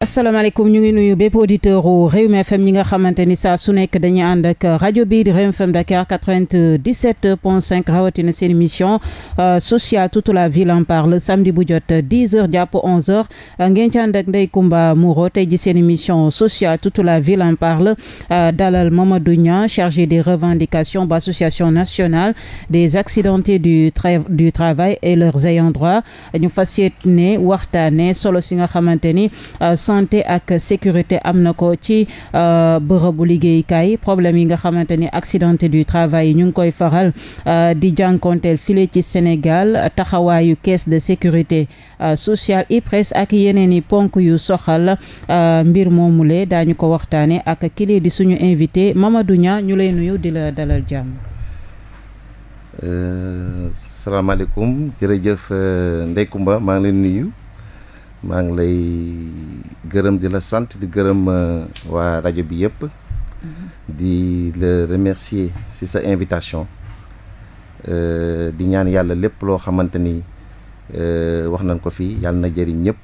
asalaamaaleykum ñu ngi nuyu bépp auditeur u Rewmi FM ñi nga xamante ni saa su nekk dañuy ànd ak rajo bi di Rewmi FM Dakar quatre-vingt-dix-sept point cinq rawatina seen émission euh, sociale toute la ville en parle samedi bu jot dix heures jàpp onze heures ngeen ci dey ak Ndeye Comba Moreau tey ji seen émission sociale toute la ville en parle euh, dalal Mamadou Niang chargé des revendication bu association nationale des accidentés du du travail et leurs ayants droit ñu fas yéene waxtaane solo si nga xamante ni euh, santé ak sécurité am na ko ci euh, bërëbu liggéeykaay problème yi nga xamante ni accidenté du travail yi ñu ngi koy faral euh, di jànkonteel file ci Sénégal taxawaayu caisse de sécurité euh, sociale IPRES ak yeneen i ponk yu soxal mbir moomule daañu ko waxtaane ak kili di suñu invité Mamadou Niang ñu lay nuyu di la dalal jàmm salaamaaleykum jërëjëf Ndeye Comba maa ngi lay gërëm di la sant di gërëm euh, waa rajo bi yëpp. Mm-hmm. di la remercier ci sa invitation. Euh, di ñaan yàlla lépp loo xamante ni euh, wax nañ ko fii yàlla na jëriñ ñëpp.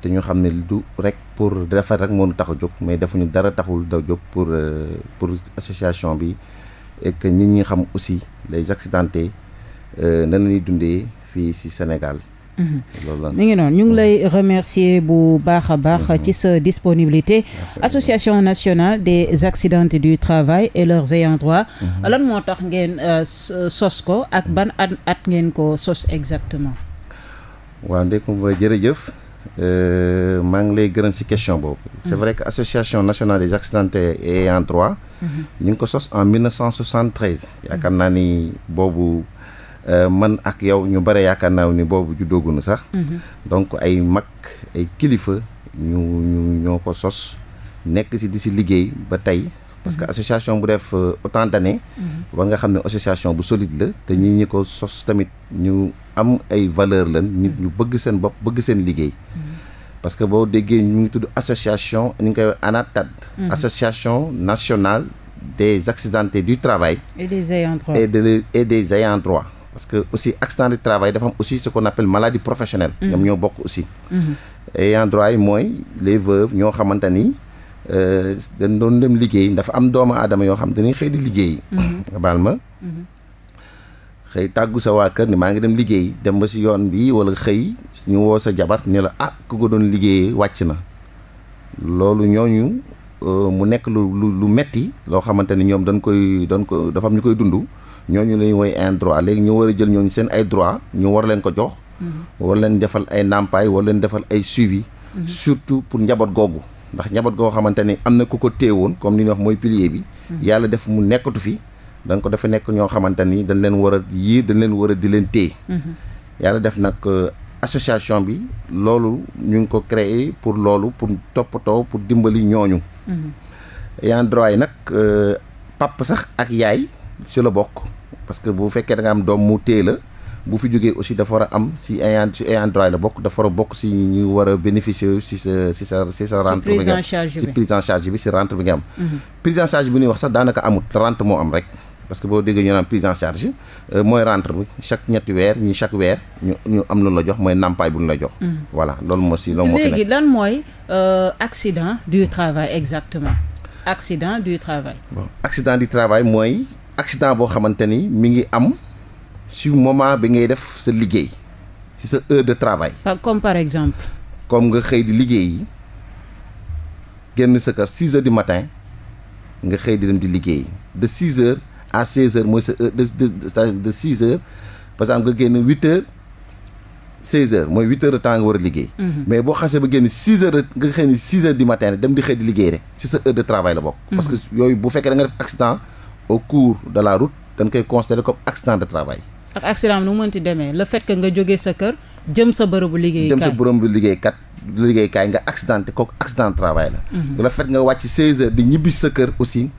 te ñu xam ne du rek pour defar rek moo tax a jóg mais defuñu dara taxul da jóg pour pour association bi et que nit ñi xam aussi les accidentés nan la ñuy dundee fii ci Sénégal. Mhm. mi ngi noonu ñu ngi lay remercier bu baax a baax mhm. ci sa disponibilité association nationale des accidentés du travail et leurs ayants droit mhm. lan moo tax ngeen euh, sos ko ak ban at at ngeen ko sos exactement waaw ndekum ba jërëjëf euh, maa ngi lay gërëm si question boobu c'est vrai que association nationale des accidentés et ayants droit ñu ngi ko sos en 1973 yaakaar naa ni boobu Euh, man ak yow ñu bare yaakaar naaw ni boobu juddoogunu sax mhm. donc ay mag ay kilifa ñu ñu ñoo ko sos nekk si di si liggéey ba tey parce que mhm. association bu def euh, autant d'années war mhm. nga xam ne association bu solide la te ñu ñi ko sos tamit ñu am ay valeur lan ñu bëgg seen bopp bëgg seen liggéey parce que boo déggee ñu ngi tudd association ñu ngi koy ANATAD association nationale des accidentés du travail et des ayants droit et des ayants droit parce que aussi accident du travail dafa am aussi ce qu'on appelle maladie professionnelle. Mm. ñoom ñoo bokk aussi. ayant mm-hmm. droit yi mooy les veuves ñoo xamante ni euh, dañ doon dem liggéey dafa am doomu aadama yoo xam dañuy xëy di liggéey. Mm-hmm. baal ma. Mm-hmm. xëy tàggu sa waa kër ni maa ngi dem liggéey dem ba si yoon bi wala xëy ñu woo sa jabar ni la ah ku ko doon liggéeyee wàcc na loolu ñooñu euh, mu nekk lu lu metti loo xamante ni ñoom dañ koy dañ ko dafa am ñu koy dund. ñooñu la ñu woy un léegi ñu war a jël ñoo ñooñu seen ay droit ñu war leen ko jox mm-hmm. war leen defal ay ndàmpaay war leen defal ay suivi mm-hmm. surtout pour njaboot googu ndax njaboot goo xamante ni am na ku ko téye téewoon comme li ñuy wax mooy pilier bi mm-hmm. yàlla def mu nekkatu fi danga ko dafa nekk ñoo xamante ni dañ leen war a yii dañ leen war a di leen téye yàlla def nag euh, association bi loolu ñu ngi ko créer pour loolu pour toppatoo pour dimbali ñooñu. yaa droit yi nag euh, pàpp sax ak yaay si la bokk parce que bu fekkee da nga am doom mu téye la bu fi jógee aussi dafa war a am si ayant si droit la bokk dafa war a bokk si ñu war a bénéficier si sa si sa si sa rente bi nga am si prise bi nga am prise en charge bi ñuy wax sax daanaka amut rente moo am rek parce que boo déggee ñu naan prise en charge euh, mooy rente bi chaque ñetti weer ñi chaque weer ñu am lu ñu la jox mooy nàmpaay bu ñu la jox. Mhm. voilà loolu moo si loolu moo fi nekk léegi lan mooy euh, accident du travail exactement mooy accident boo xamante ni mu ngi am su moment bi ngay def sa liggéey ci sa heure de travail. comme par exemple. comme nga xëy di liggéey génn sa kër 6 heures du matin nga xëy di dem di liggéeyi de 6 heures à 16 heures sa heure de de de 6 heures par exemple nga génn 8 heures 16 heures mooy 8 heures de temps nga war a liggéey. Mhm. mais boo xasee ba génn 6 heures nga du matin dem di xëy di liggéey rek ci sa heure de travail la bokk. Mhm. parce que yooyu bu fekkee da def accident. au cours de la route dañ koy considérer comme accident de travail. ak accident nu mu mënti demee la fait que nga jógee sa kër jëm sa bërëbu liggéeykaay jëm sa bërëbu liggéey kaay nga accidenté kooku accident de travail la. Mhm. le fait nga wàcc 16 heures di ñibbi sa kër aussi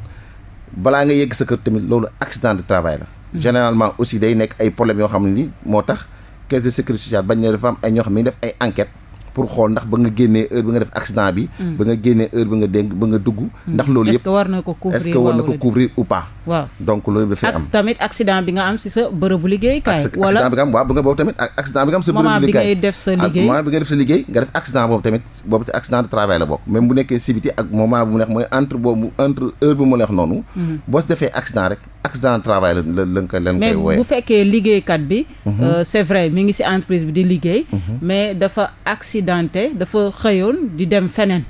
balaa nga yegg sa kër tamit loolu accident de travail la. Mhm. généralement aussi day nekk ay problèmes yoo xam ne ni moo tax caisse de sécurité sociale bañ na dafa am ay ñoo xam ne def ay enquêtes. pour xool ndax ba nga génnee heure bi nga def accident bi hmm. ba nga génnee heure bi nga dénk ba nga dugg hmm. ndax loolu yëpp est-ce que war na ko couvrir est-ce que war na ko couvrir ou pas waaw donc loolu dafay am ak tamit accident bi nga am si sa bërëbu liggéeykaay wala accident bi nga am waaw ba nga boobu tamit accident bi nga am sa bërëbu liggéey moment bi ngay def sa liggéey moment bi nga def sa liggéey nga def accident boobu tamit boobu ci accident de travail la bokk même bu nekkee sibiti ak moment bu mu neex mooy entre boobu entre heure bu mu neex noonu hmm. boo defee accident rek accident de travail la la nga koy leen koy wooyee mais bu fekkee liggéeykat bi mhm. euh, c'est vrai mi ngi si entreprise bi di liggéey mhm. mais dafa accident accidenté dafa xëyoon di dem feneen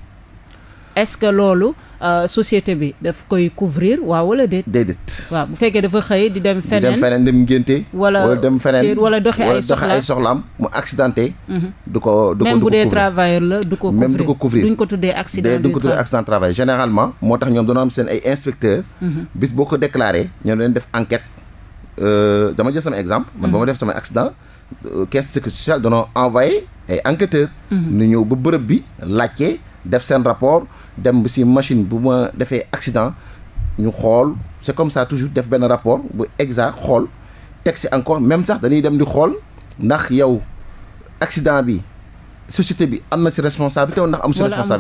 est-ce que loolu euh, société bi daf koy couvrir waaw wala déet. déedéet waaw bu fekkee dafa xëy di dem. feneen dem feneen dem ngénte. wala dem feneen wala doxe ay soxla ay soxlaam mu accidenté. Mhm. du ko du ko même bu dee travailleur la du ko. même du ko couvrir duñ ko tuddee accident. duñ ko tuddee accident travail généralement. moo tax ñoom dañoo am seen ay inspecteurs. Mhm. bis boo ko déclaré ñoom dañu def enquête euh, dama jël sama exemple. man ba ma def sama accident euh, caisse sécurité sociale danoo envoyé. ay enquêteurs. nu mhm. ñëw ba bërëb bi laajte def seen rapport dem ba si machine bu ma defee accident ñu xool c'est comme ça toujours def benn rapport bu exact xool teg si encore même sax dañuy dem di xool ndax yow accident bi société bi am na si responsabilité wala ndax am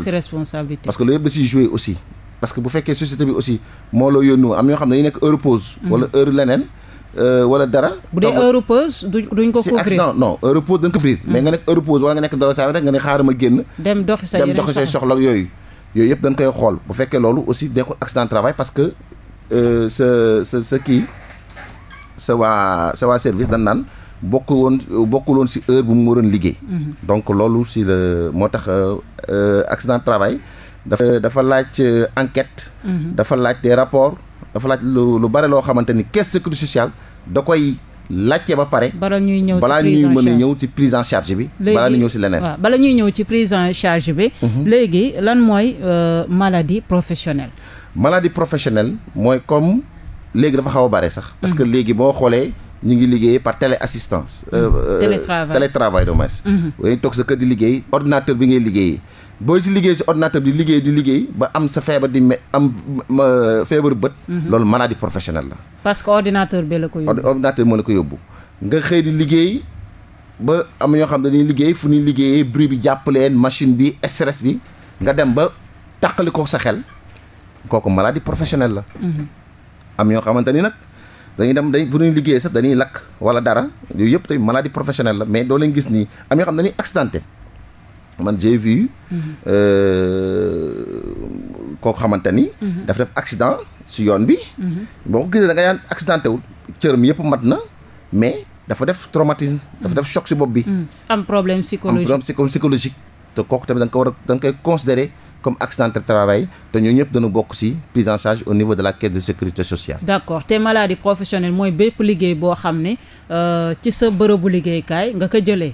si responsabilité parce que loolu yëpp da siy aussi parce que bu fekkee société bi aussi moo la yónnu am ñoo xam ne dañuy nekk heure pause mhm. wala heure leneen Euh, wala dara. bu dee heure pause duñ ko couvrir non non heure pause dañ ko couvrir. mais nga nekk heure pause nga nekk dara saa rek nga ne xaaral ma génn. dem doxi sa yooyu. yooyu yëpp dañ koy xool bu fekkee loolu aussi nekkul accident travail parce que euh, sa sa sa kii sa waa sa waa service dañ naan. bokk woon bokkul woon si heure bu mu waroon liggéey. Mhm. donc loolu si la moo tax euh, accident de travail. dafa dafa laaj enquête. Mhm. dafa laaj des rapports dafa laaj lu lu bare loo xamante ni caisse sécurité sociale da koy laajte ba pare. balaa ñuy ñëw balaa ñuy mën a ñëw ci prise en charge bi. léegi balaa ñuy ñëw ci leneen. bala ñuy ñëw ci prise en charge bi. Mhm. léegi lan mooy euh, maladie professionnelle. maladie professionnelle mooy comme léegi dafa xaw a bare sax. parce que mhm. léegi boo xoolee. ñu ngi liggéey par téléassistance. Euh, mhm. euh, télétravail télétravail de moins. dañuy toog sa kër di liggéey ordinateur bi ngay liggéey boo ci liggéey ci ordinateur bi di liggéey di liggéey ba am sa feebar di me am feebaru bët. Mhm. loolu maladie professionnelle la. parce que ordinateur bi la ko yóbbu. ordinateur moo la ko yóbbu nga xëy di liggéey ba am ñoo xam ne dañuy liggéey fu ñuy liggéeyee bruit bi jàppaleen machine bi stress bi nga dem ba tàqali ko sa xel kooku maladie professionnelle la. Mhm. am ñoo xamante ni nag. dañuy dem dañ bu ñuy liggéey sax dañuy lakk wala dara yooyu yëpp tey maladie professionnelle la mais doo leen gis nii am xam ne dañuy accidenté man j'ai vu mhm. euh, koo xamante ni. Mhm. dafa def accident si yoon bi. Mhm. boo ko gisee da nga yaan accidenté wul cëram yëpp mat na mais dafa def traumatisme. dafa def choc si bopp bi. am problème psychologique am problème te kooku tamit da nga ko war da nga koy considérer comme accident de travail te ñoo ñëpp dañu bokk ci prise en charge d'accord te maladie professionnelle mooy bépp liggéey boo xam ne euh, ci sa bërëbu liggéeykaay nga ko jëlee.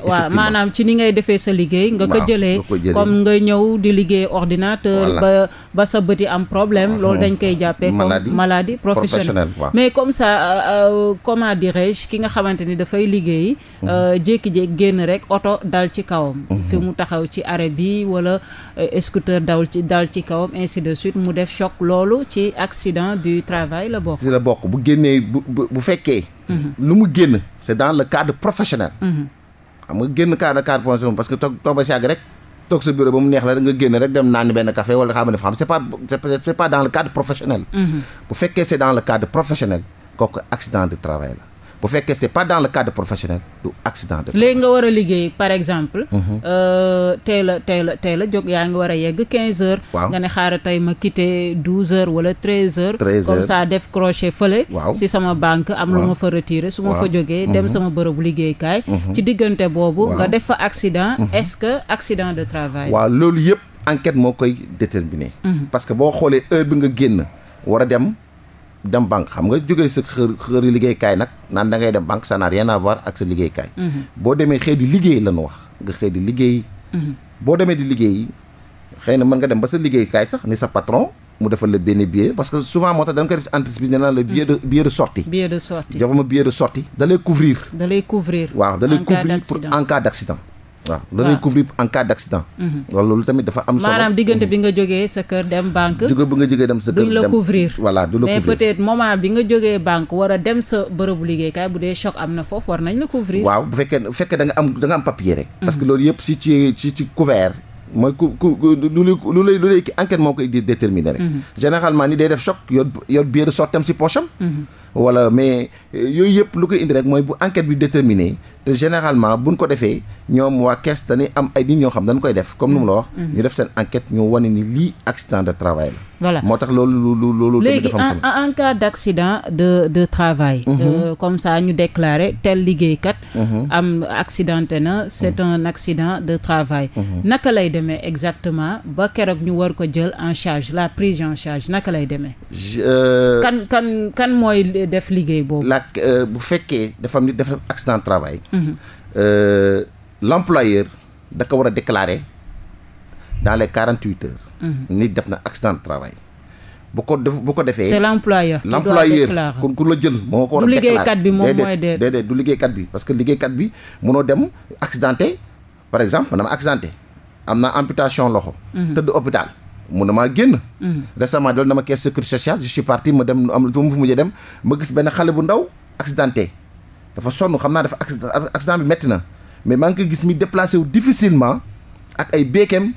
nga maanaam ci ni ngay defee sa liggéey. nga ko jëlee comme nga ñëw di liggéey ordinateur. ba ba sa bëti am problème. loolu dañ koy jàppee comme maladie professionnelle. mais comme ça euh, euh, comment dirais-je ki nga xamante ni dafay liggéey. Mhm. jékki-jékki génn rek oto dal ci kawam. Mhm. fi mu taxaw ci arrêt bi scooter dawul ci dal ci kawam ainsi de suite mu def choc loolu ci accident du travail la bokk. si la bokk bu génnee bu fekkee. Mhm. lu mu génn c'est dans le cadre professionnel. Mhm. xam nga génn cadre cadre fonctionnel parce que toog sa bureau ba mu neex la nga génn rek dem naan benn café wala xam ne fa xam c'est pas c'est pas dans le cadre professionnel. Mhm. bu fekkee c'est dans le cadre professionnel kooku accident du travail la. bu fekkee c'est pas dans le cadre professionnel du accident de léegi nga war a liggéey par exemple mhm. euh, tey la tey la tey la jóg yaa ngi war a yegg quinze heures waaw nga ne xaaral tey ma quitté douze heures wala treize heures comme def crochet fële waaw si sama banque am lu ma fa retiré su ma fa jógee mhm. dem sama bërëbu liggéeykaay mhm. ci diggante boobu nga def fa accident est-ce que accident de travail waaw loolu yëpp enquête moo koy déterminer parce que boo xoolee heure bi nga génn dem banque xam nga jógee sa xër xëri liggéeykaay nag naan da ngay dem banque ça n'a rien à voir ak sa liggéeykaay mhm. boo demee xëy di liggéey lañu wax nga xëy di liggéey mhm. boo demee di liggéey xëy na mën nga dem ba sa liggéeykaay sax ni sa patron mu defal la benn billet parce que souvent moo tax dañ ko def ci entreprise bi la billet de mhm. billet de sortie billet de sortie jox ma billet de sortie da couvrir waaw da couvrir pour en cas waaw dañuy couvrir en cas d' accident. Mhm. loolu tamit dafa am solo maanaam diggante mhm. bi nga jógee sa kër dem banque. duñ la couvrir. voilà du la couvrir moment bi nga jógee banque war a dem sa bërëbu liggéeykaay bu dee choc am na foofu war nañ la couvrir. waaw bu fekkee bu am da am papier parce que mhm. loolu yëpp si ci ci couvert. mooy lu lay lu lay lu lay moo koy déterminer rek. généralement ni day def choc yor yor biir sortam si poche wala mais euh, yooyu yëpp lu koy indi mooy bu enquête bi déterminé te généralement buñ ko defee ñoom waa kees dañuy am ay nit ñoo xam dañ koy def comme nu mu la wax. Mm-hmm. ñu def seen enquête ñu wane ni lii accident de travail la. voilà moo tax loolu lu lu lu léegi en cas d' accident de de travail. Mm-hmm. Euh, comme ça ñu déclaré tel liggéeykat. Mm-hmm. am accidenté na c' est un accident de travail. naka lay demee exactement ba keroog ñu war ko jël en charge la prise en charge naka lay demee. Euh, def liggéey boobu. la euh, bu fekkee dafa am nit dafa accident de travail. Mhm. Euh, l' employeur da ko war a déclarer dans les quarante huit heures. Mhm. nit def na accident de travail. bu ko def bu ko defee. c'est l'employeur l'employeur kon ku la jël moo ko war a. déclarer du liggéeykat bi moom mooy bi parce que liggéeykat bi munoo dem accidenté par exemple man am accidenté am naa amputation loxo. Mhm. tëdd hôpital. mun na maa génn. Mm. récemment dal na ma caisse sécurité sociale je parti ma dem am lu ma fu mujjee dem ma gis benn xale bu ndaw accidenté dafa sonn xam naa dafa accident bi métti na mais maa ngi koy gis mi déplacé wu difficilement ak ay béekeem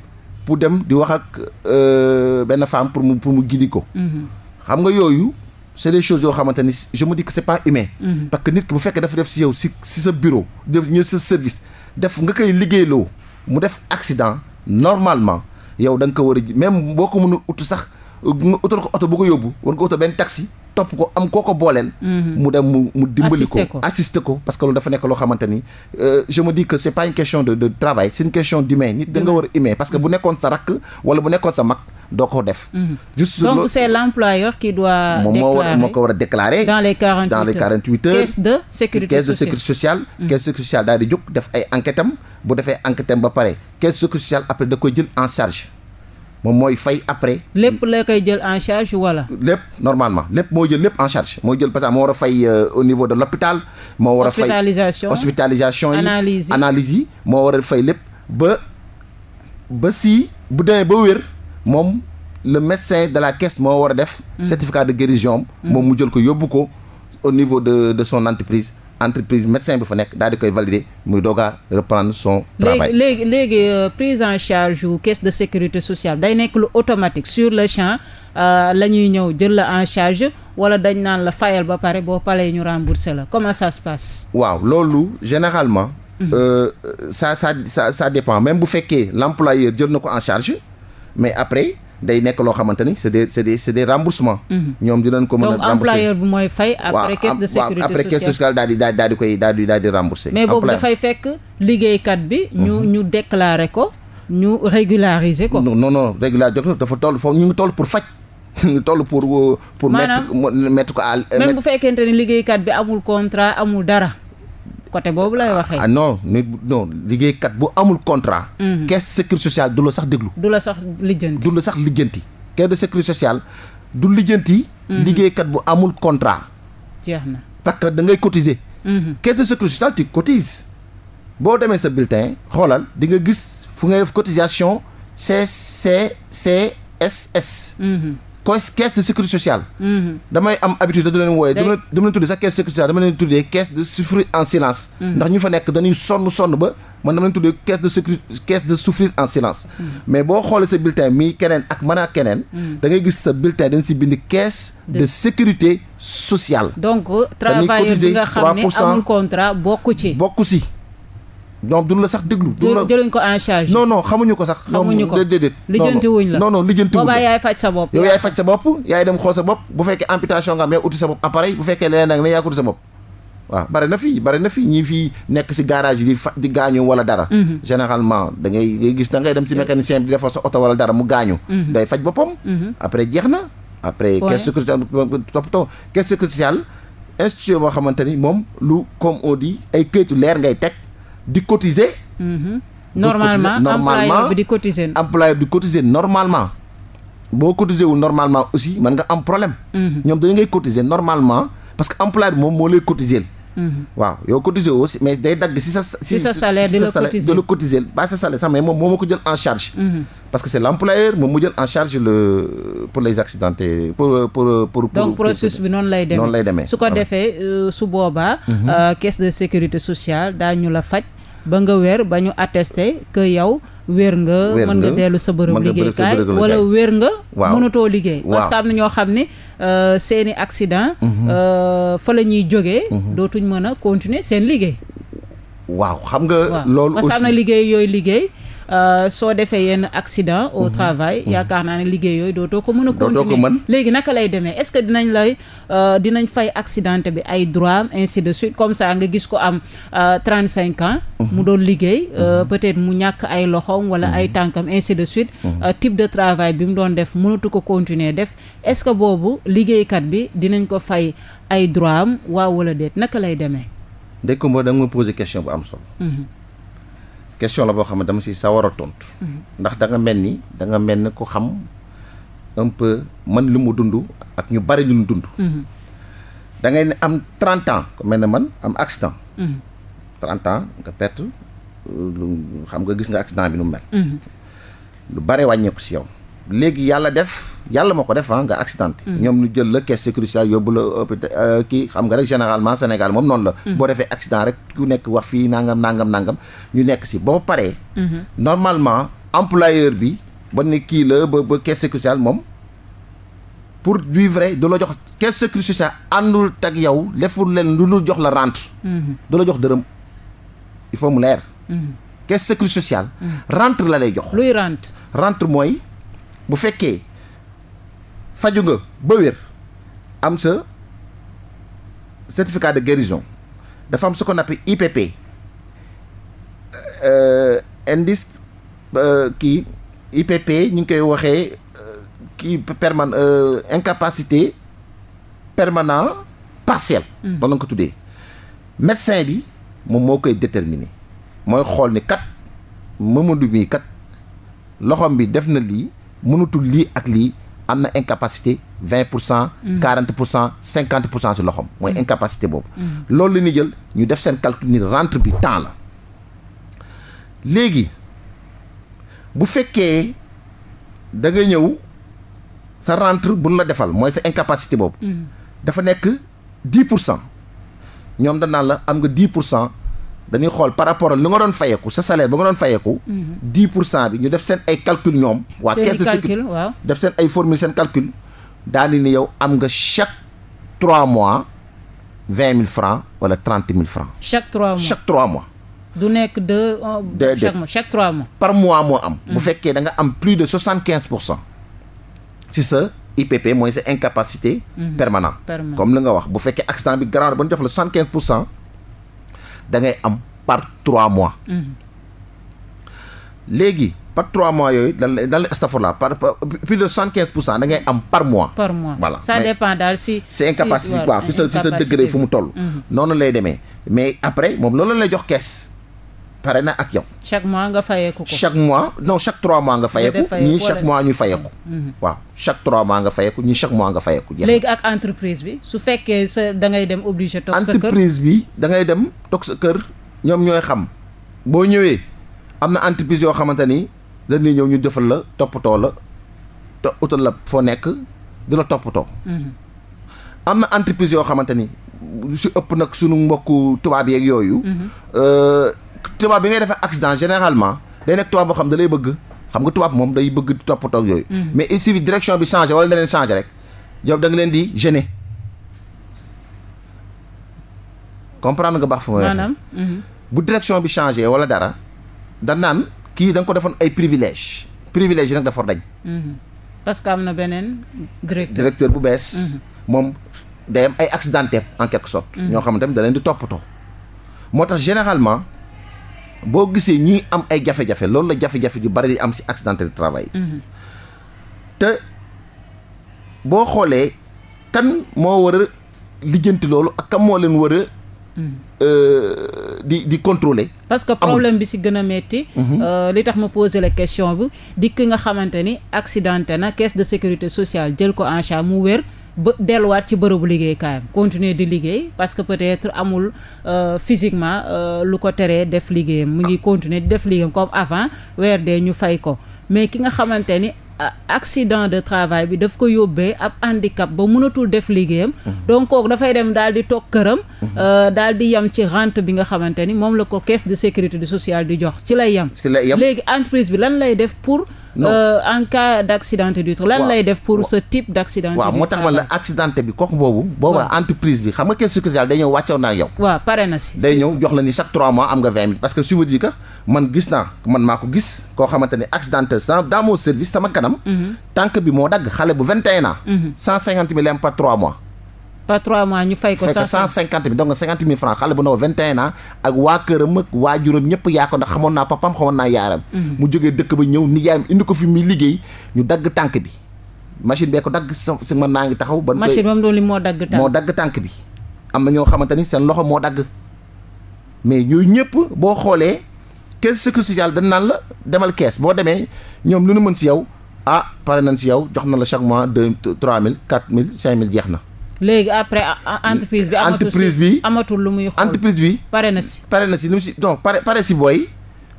pour dem di wax ak euh, benn femme pour mu pour mu gindi ko. Mm-hmm. xam nga yooyu c'est des choses yoo xamante ni je me dis que c'est pas humain. Mm-hmm. parce que nit ki bu fekkee dafa def si yow si si sa bureau def ñu sa service def nga koy liggéeyloo mu def accident normalement. yow da ko war a même boo ko mën a ut sax nga utal ko oto bu ko yóbbu war nga utal benn taxi topp ko am koo ko booleel. Mhm. mu dem mu mu dimbali ko assister ko parce que loolu dafa nekk loo xamante ni euh, je me dis que c'est pas une question de de travail question d'humain nit da war a parce que bu nekkoon sa rakk wala bu nekkoon sa mag doo ko def. Mhm. juste donc moom moo ko war a déclarer. dans les quarante dans les quarante huit de sécurité caisse de sécurité sociale. Mhm. jóg def ay enquête bu defee enquête ba pare caisse de sécurité sociale après da koy moom mooy fay après. lépp la koy jël en charge wala. lépp normalement lépp moo jël lépp en charge moo jël parce que moo war a fay euh, au niveau de l'hôpital moo war a fay hospitalisation hospitalisation yi analyse yi moo war a fay lépp ba ba si bu demee ba wér moom le médecin de la caisse moo war a def. Mm. certificat de guérison mm. moom mu jël ko yóbbu ko au niveau de de son entreprise. entreprise médecin bi fa nekk daal di koy valider muy doga a reprendre son travail. léegi léegi euh, prise en charge wu caisse de sécurité sociale day nekk lu automatique sur le champ euh, la ñuy ñëw jël la en charge wala dañ naan la fayal ba pare boo paree ñu rembourser la comment ça se waaw loolu généralement. Mm -hmm. euh, ça ça dépend même bu fekkee l'employeur jël na ko en charge mais après. day nekk loo xamante ni c'est des c'est des c'est des remboursements. Mhm. ñoom dinañ ko mën a rembourser donc employeur bi mooy fay. après caisse de sécurité sociale après koy daal rembourser. mais boobu dafay fekk liggéeykat bi. ñu mhm. ñu déclarer ko ñu régulariser ko. non non non régulariser ko dafa toll foofu ñu ngi toll pour faj. ñu toll pour euh, pour. maanaam mettre mettre ko à. Euh, même bu fekkente ni liggéeykat bi amul contrat amul dara. côté boobu lay ah, waxee. ah non nit non liggéeykat bu amul contrat. Mhm. caisse sécurité sociale du la sax déglu. du la sax lijjanti du la sax lijjanti. caisse de sécurité sociale du lijjanti. Mhm. liggéeykat bu amul contrat. jeex na parce que da ngay cotiser. Mhm. caisse de sécurité sociale tu cotises. boo demee sa bulletin xoolal dinga nga gis fu ngay def cotisation CCCSS. caisse de sécurité sociale. Mm-hmm. damay am habitude da du leen wooyee. dama leen tuddee sax caisse sécurité sociale dama leen tuddee caisse de souffrir en mm-hmm. ndax ñu fa nekk dañuy sonn sonn ba man dama leen tuddee caisse de sécurité caisse de souffrir en mm-hmm. mais boo xoolee sa bulletin mii keneen ak mën keneen. da ngay gis sa bulletin dañ si bind caisse de sécurité sociale. donc travailleur bi nga xam ne amul contrat bokk ci. bokk si. donc duñ la sax déglu. duñ la jëluñ ko en charge. non non xamuñu ko sax. xamuñu ko déedéet. non non lijjanti la boobaa yaay faj sa bopp. yaay dem xool sa bopp bu fekkee amputation nga am yaa uti sa bopp appareil na fii bare na nekk si garage di gaañu wala dara. Mhm. généralement da ngay gis da ngay dem si mécanicien bi di defar sa oto wala dara mu gaañu. Mhm. day faj boppam. Mhm. après jeex na. après caisse sécurité toppatoo caisse sociale institution boo xamante moom lu comme on ay këyitu leer Mhm. di cotiser. normalement employeur bi di cotiser employeur bi di cotiser normalement. boo cotiser wu normalement aussi mën nga am problème. Mhm. ñoom dañu ngay cotiser normalement parce que employeur bi moom moo lay cotiser. Mhm. waaw yow cotiser woo si mais day dagg si sa. si sa salaire di la cotiser di la cotiser ba sa salaire sax mais moom moo ma ko jël en charge. parce que c' est l' employeur moom mu jël en charge le pour les accidentés pour pour pour. donc processus bi noonu lay demee noonu lay demee. su ko defee euh, su boobaa. Euh, caisse de sécurité sociale daañu la faj. ba nga wér ba ñu attesté que yow wér nga mën nga dellu sa bërëb liggéeykaay wala wér nga mënatoo liggéey parce que am na ñoo xam ne euh, seeni accident mhm. euh, fa la ñuy jógee mhm. dootuñ mën a continuer seen liggéey waaw xam nga loolu aussi am na liggéey yooyu liggéey Euh, soo defee yenn accident au mhm. travail mhm. yaakaar naa ne liggéey yooyu dootoo ko mën a continuer léegi naka lay demee est-ce que dinañ lay euh, dinañ fay accidenté bi ay droit ainsi de comme ça nga gis ko am euh, trente cinq ans mhm. mu doon liggéey peut-être mu ñàkk ay loxoom wala ay tànkam ainsi de suite type de travail bi mu doon def mënatu ko continuer def est-ce que boobu liggéeykat bi dinañ ko fay ay droit am waaw wala déet naka lay demee. dégg nga da nga question bu am solo. question la boo xam ne dama si sawar a tontu. Mm-hmm. ndax danga mel ni danga mel ni ko xam un peu man li mu dund ak ñu bari lu mu dund. Mm-hmm. da ne am 30 ans ku mel ne man am accident. 30 mm-hmm. ans nga perte euh, xam nga gis nga accident bi nu mu mel. lu bare wàññeeku si yow. léegi yàlla def yàlla moo ko def ah nga accidenté mm. ñoom ñu jël la caisse sécurité sociale yóbbu la hôpital euh, kii xam nga rek généralement Sénégal moom noonu la mm. boo defee accident rek ku nekk wax fii nangam nangam nangam ñu nekk si boo paree mm-hmm. normalement employeur bi ba ne kii la ba ba caisse sécurité sociale moom pour vivre du la jox caisse sécurité sociale àndul tag yow leful leen lu lu jox la rente mm-hmm. du la jox dërëm il faut mu leer mm-hmm. caisse sécurité sociale la lay jox luy rente mooy bu fekkee faju nga ba wér am sa certificat de guérison dafa am ce qu'on appelle IPP euh, indice euh, kii euh, IPP ñu ngi koy waxee euh, kii perman euh, incapacité permanent partielle mm. noonu la ko tuddee médecin bi moom moo koy déterminer mooy xool ni kat Mamadou mii kat loxoom bi def na lii mënutul lii ak lii am na incapacité vingt pour cent. Mm. quarante pour cent cinquante pour cent si loxoom. mooy mm. incapacité boobu. Mm. loolu la ñuy jël ñu def seen calcul ni rentre bi temps la léegi bu fekkee da nga ñëw sa rentre buñ la defal mooy sa incapacité boobu. dafa nekk dix pour cent ñoom danaan la am nga dix pour cent dañuy xool par rapport ak li nga doon fayeeku sa salaire ba nga doon fayeeku. 10 mhm. pour cent bi ñu def seen ay calcul ñoom. waa de sécurité def seen ay formule seen calcul. daani ni yow am nga chaque 3 mois 20 000 francs wala 30 000 francs. chaque 3 chaque 3 mois. du nekk deux chaque trois par mois moo am. bu mhm. fekkee da nga am plus de soixante quinze pour cent. si sa IPP mooy sa incapacité. Mhm. permanente comme li nga wax bu fekkee accident bi grave ba ñu def la cent. da ngay am par trois mois. Mm-hmm. léegi par trois mois yooyu dal par plus de cent pour cent da ngay am par mois. par si. si incapacité waaw fi sa fu mu toll. Mm-hmm. noonu lay demee mais après moom loolu lay jox kes pare na ak yow. chaque mois nga fayeeku ko. chaque mois non chaque trois mois nga fayeeku. ñii chaque mois ñu fayeeku. Mhm. waaw chaque nga fayeeku ñii chaque mois nga fayeeku. léegi ak entreprise bi su fekkee sa da ngay dem obligé. toog sa kër bi da ngay dem toog sa kër ñoom ñooy xam boo ñëwee am na entreprise yoo xamante ni dañuy ñëw ñu defal la toppatoo la te utal la foo nekk di la mhm. am na entreprise yoo xamante ni su ëpp nag sunu mbokk tubaab yeeg yooyu. Mhm. Euh, tubaab bi ngay defee accident généralement day nekk tubaab boo xam da bëgg xam nga tubaab moom day bëgg toppatoo ak yooyu. Mm. mais il suffit direction bi changé wala leneen changé rek yow da leen di gêner. comprendre nga baax fa ma. maanaam. Mm-hmm. bu bi changé wala dara da naan kii da ko defoon ay privilège privilège yi nag dafa dañ. Mm-hmm. parce que am na beneen directeur. directeur bu bees. Mm-hmm. moom day am ay accidenté en quelque sorte. ñoo xam ne tamit da leen di toppatoo. moo tax généralement. boo gisee ñuy am ay jafe-jafe loolu la jafe-jafe ju bari di am si accident de travail. Mhm. te boo xoolee kan moo war a lijjanti loolu ak kan moo leen war a. Mhm. Euh, di di contrôler. parce que problème bi si gën a metti mhm. euh, li tax ma poser la question bi dikk nga xamante ni accidenté na caisse de sécurité sociale jël ko en charge mu wér. ba delluwaat ci bërëbu liggéeykaayam continuer di liggéey parce que peut-être amul euh, physiquement euh, lu ko teree def liggéeyam mu ngi continuer di def liggéeyam comme avant weer dee ñu fay ko mais ki nga xamante ni Euh, accident de travail bi daf ko yóbbee ab handicap ba mënatul def liggéeyam. donc kooku dafay dem daal di toog këram. Euh, daal di yem ci rente bi nga xamante ni moom la ko caisse de sécurité sociale di jox ci lay yem. ci lay yem léegi entreprise bi lan lay def pour. Euh, en cas d' accidenté du travail. lay def pour ce type d' accidenté. waaw moo tax ma la accidenté bi kooku boobu. boobaa entreprise bi xam nga caisse de sécurité day ñëw wàccoon na ak yow. pare na si. day ñëw jox la ni chaque 3 mois am nga 20 000 parce que su man gis naa man maa ko gis koo xamante ne accidenté sans dans mon service sama kanam. Mhm. tànk bi moo dagg xale bu 21 ans. 150 000 am par 3 mois. par 3 mois ñu fay ko. fay ko 150 000 donc 50 000 francs xale bu naa papaam xamoon naa yaaram. Mhm. mu jógee dëkk ba ñëw nijaayam indi fi muy liggéey ñu dagg tànk bi. machine bee ko dagg si man naa taxaw. ban machine moom moo dagg tànk moo dagg tànk bi. am na ñoo xamante ni seen loxo moo dagg mais yooyu ñëpp boo xoolee. caisse sécurité sociale dañ naan la demal caisse boo demee ñoom lu nu mën si yow ah pare nañ si yow jox na la chaque mois deux trois mille quatre mille cinq mille jeex na. léegi après entreprise bi. entreprise bi amatul lu muy xool bi. pare na si pare na si lu si donc pare pare si booy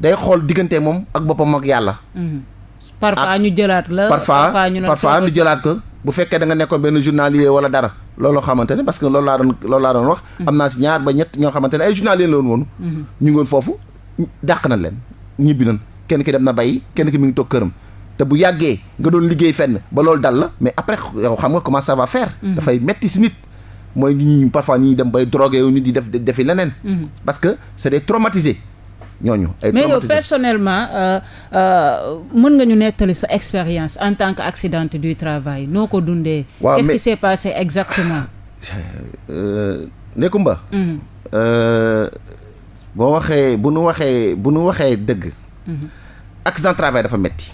day xool diggante moom ak boppam ak yàlla. Mhm. parfois ñu jëlaat la. parfois ñu parfois ñu jëlaat ko. bu fekkee da nga nekkoon benn journalier dara. looloo xamante ne parce que loolu laa doon loolu laa doon wax. Mhm. am naa si ñaar ba ñett ñoo xamante ne ay journalier la woon. Mhm. ñu ngi foofu dàq na leen ñibbi nañ kenn ki dem na bay kenn ki mi ngi toog këram te bu yàggee nga doon liggéey fenn ba loolu dal la mais après yow xam nga comment ça va faire. Mm-hmm. dafay metti si nit. mooy ñi parfois ñi dem bay drogué wu nit di def defi leneen. Mm-hmm. parce que c'est des traumatisés. ñooñu ay mais yow personnellement euh, euh, mën nga ñu nettali sa expérience en tant que accident du travail noo ko dundee. waaw qu'est-ce qui s'est passé exactement. Euh, Nékumba. Mm-hmm. boo waxee bu nu waxee bu nu waxee dëgg. Mhm. accident travail dafa metti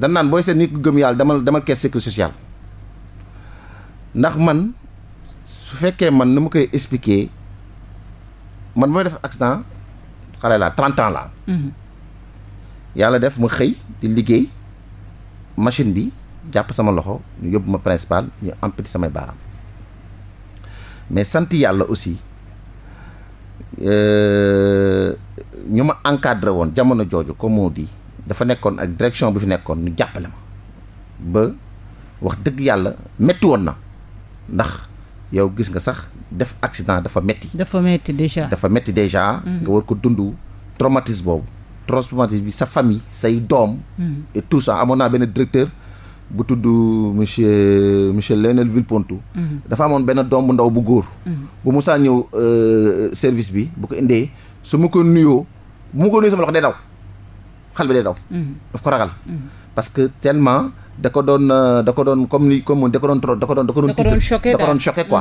dan naan booy seen nit ku gëm yàlla demal demal caisse sécurité social ndax man su fekkee man nu ma koy expliquer man mooy def accident xale laa trente ans laa. Mhm. yàlla def ma xëy di liggéey machine bi jàpp sama loxo ñu yóbbu ma principal ñu amputé samay baaraam mais sant yàlla aussi. Euh, ñu ma encadré woon jamono jooju comme moo di dafa nekkoon ak direction bi fi nekkoon nu jàppale ma ba wax dëgg yàlla metti woon na ndax yow gis nga sax def accident dafa metti dafa metti déjà dafa metti déjà mm. nga war ko dund traumatisme boobu traumatisme bi sa famille say doom mm. et tout amoon naa benn directeur bu tudd monsieur monsieur Lionel Vilpontou mhm. dafa amoon benn doom bu ndaw bu góor mhm. bu musaa ñëw euh, service bi bu ko indee su ma ko nuyoo bu ma ko nuyoo sama loxo day daw xal bi day daw mhm. daf da ko doon euh, da ko comme ni da ko doon trop da ko doon da ko doon choqué ko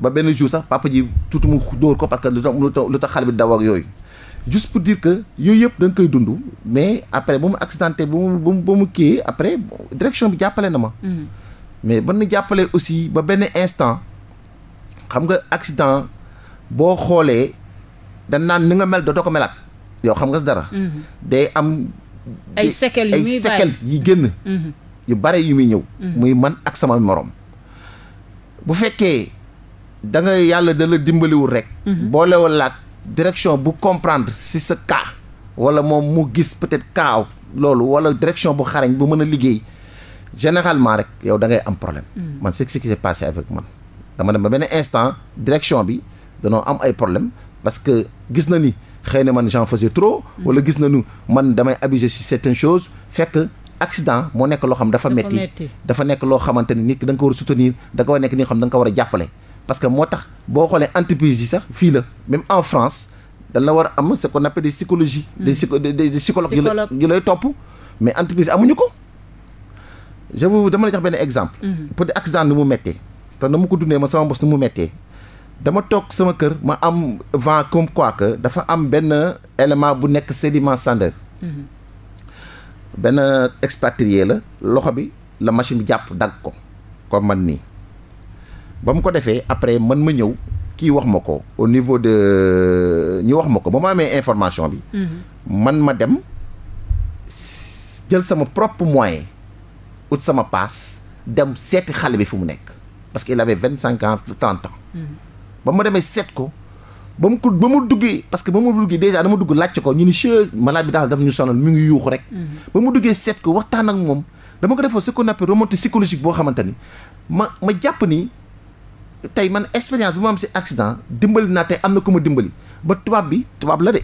ba benn jour sax papa tuuti mu dóor ko parce que lu tax xale bi daw ak yooyu juste pour dire que yooyu yëpp da nga koy dund mais après ba mu accidenté ba mu ba mu kii après direction bi jàppale na ma. Mm-hmm. mais ban na jàppale aussi ba benn instant xam nga accident boo xoolee dañ naan ni nga mel doo ko melaat yow xam nga si dara. Mm-hmm. day am. ay séquelles yu muy ay yi génn. Mm-hmm. yu bare yu muy ñëw. muy man ak sama moroom bu fekkee da nga yàlla da la dimbaliwul rek. boolewul laak direction bu comprendre si sa cas wala moom mu gis peut-être cas loolu wala direction bu xarañ bu mën a liggéey généralement rek yow da ngay am problème. Hmm. man c'est ce qui s'est passé avec man. dama dem ba benn instant direction bi danoo am ay problème parce que gis na ni xëy na man j'en faisais trop. Hmm. wala gis na nu man damay abuser si certaines choses fekk. accident moo nekk loo xam dafa metti dafa nekk loo xamante ni nit da nga ko a soutenir da nga nekk nii nga xam da war a jàppale parce que moo tax boo xoolee entreprise yi sax fii la même en France dana la war a am ce qu'on appelle des psychologies. Mm. des psycho des psychologues yu la lay topp mais entreprise amuñu ko. je vous dama la jox benn exemple. Mm-hmm. pour di accident ni mu méttee. te na mu ko dundee ma sama bos ni mu méttee dama toog sama kër ma am vent comme quoi que dafa am benn élément bu nekk sédiment standard. Mm-hmm. benn expatrié la loxo bi la machine bi jàpp dagg ko comme man nii. ba mu ko defee après man ma ñëw kii wax ma ko au niveau de ñu wax ma ko ba mu amee information bi. Mhm. man ma dem jël sama propre moyen ut sama paas dem seeti xale bi fu mu nekk parce que il avait vingt cinq ans trente mhm. ba ma demee seet ko. ba mu ko ba mu duggee parce que ba mu duggee déjà dama dugg laajte ko ñu ni che malade bi daal daf ñu sonal mi ngi yuuxu rek. Mhm. ba mu duggee seet ko waxtaan ak moom dama ko defoo ce qu'on appelle remontée psychologique boo xamante ni ma ma jàpp ni tey man expérience bi ma am si accident dimbali naa te am na ku ma dimbali ba tubaab bi tubaab la de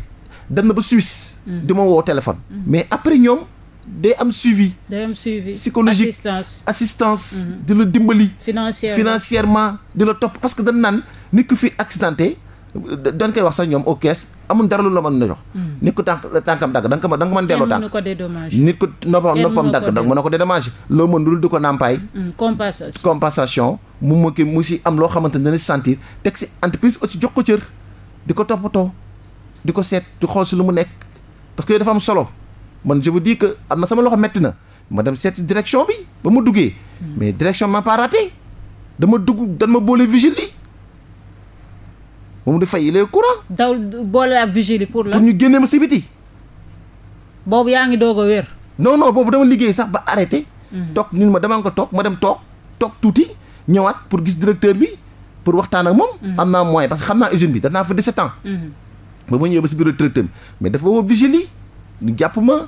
dem na ba Suisse. Mm. di ma woo téléphone. Mm. mais après ñoom day am suivi. day am suivi psychologique assistance mm-hmm. di la dimbali. financièrement financièrement di la topp parce que dañ naan nit ku fi accidenté dañ koy wax sax ñoom au kees amul dara lu la mën na jox hmm. nit ko tànk tànkam dagg da nga ko mën da nga ko mën delloo tànk nit ko noppam dagg da nga mën na loo mën lu di ko nàmpaay hmm, compensation mu mu ki mu si am loo xamante ne dana sentir teg si entreprise aussi jox ko cër di ko toppatoo di ko seet di xool si lu mu nekk parce que yooyu dafa am solo man je vous dis que am na sama loxo metti na ma dem seet direction bi ba ma duggee hmm. mais direction ma pas dama dugg dan ma boole vigile yi moom di fay les courant. daw boole ak vigile pour la. pour ñu génne ma si boobu yaa ngi doog a wér. non non boobu dama liggéey sax ba arrêté. Mhm. toog ñun ma dama ko toog ma dem toog toog tuuti ñëwaat pour gis directeur bi pour waxtaan ak moom. Mhm. am naa moyen parce que xam naa usine bi daf fa 17 ans. Mhm. ba ma ñëwee si bureau directeur mais dafa woo vigile yi jàpp ma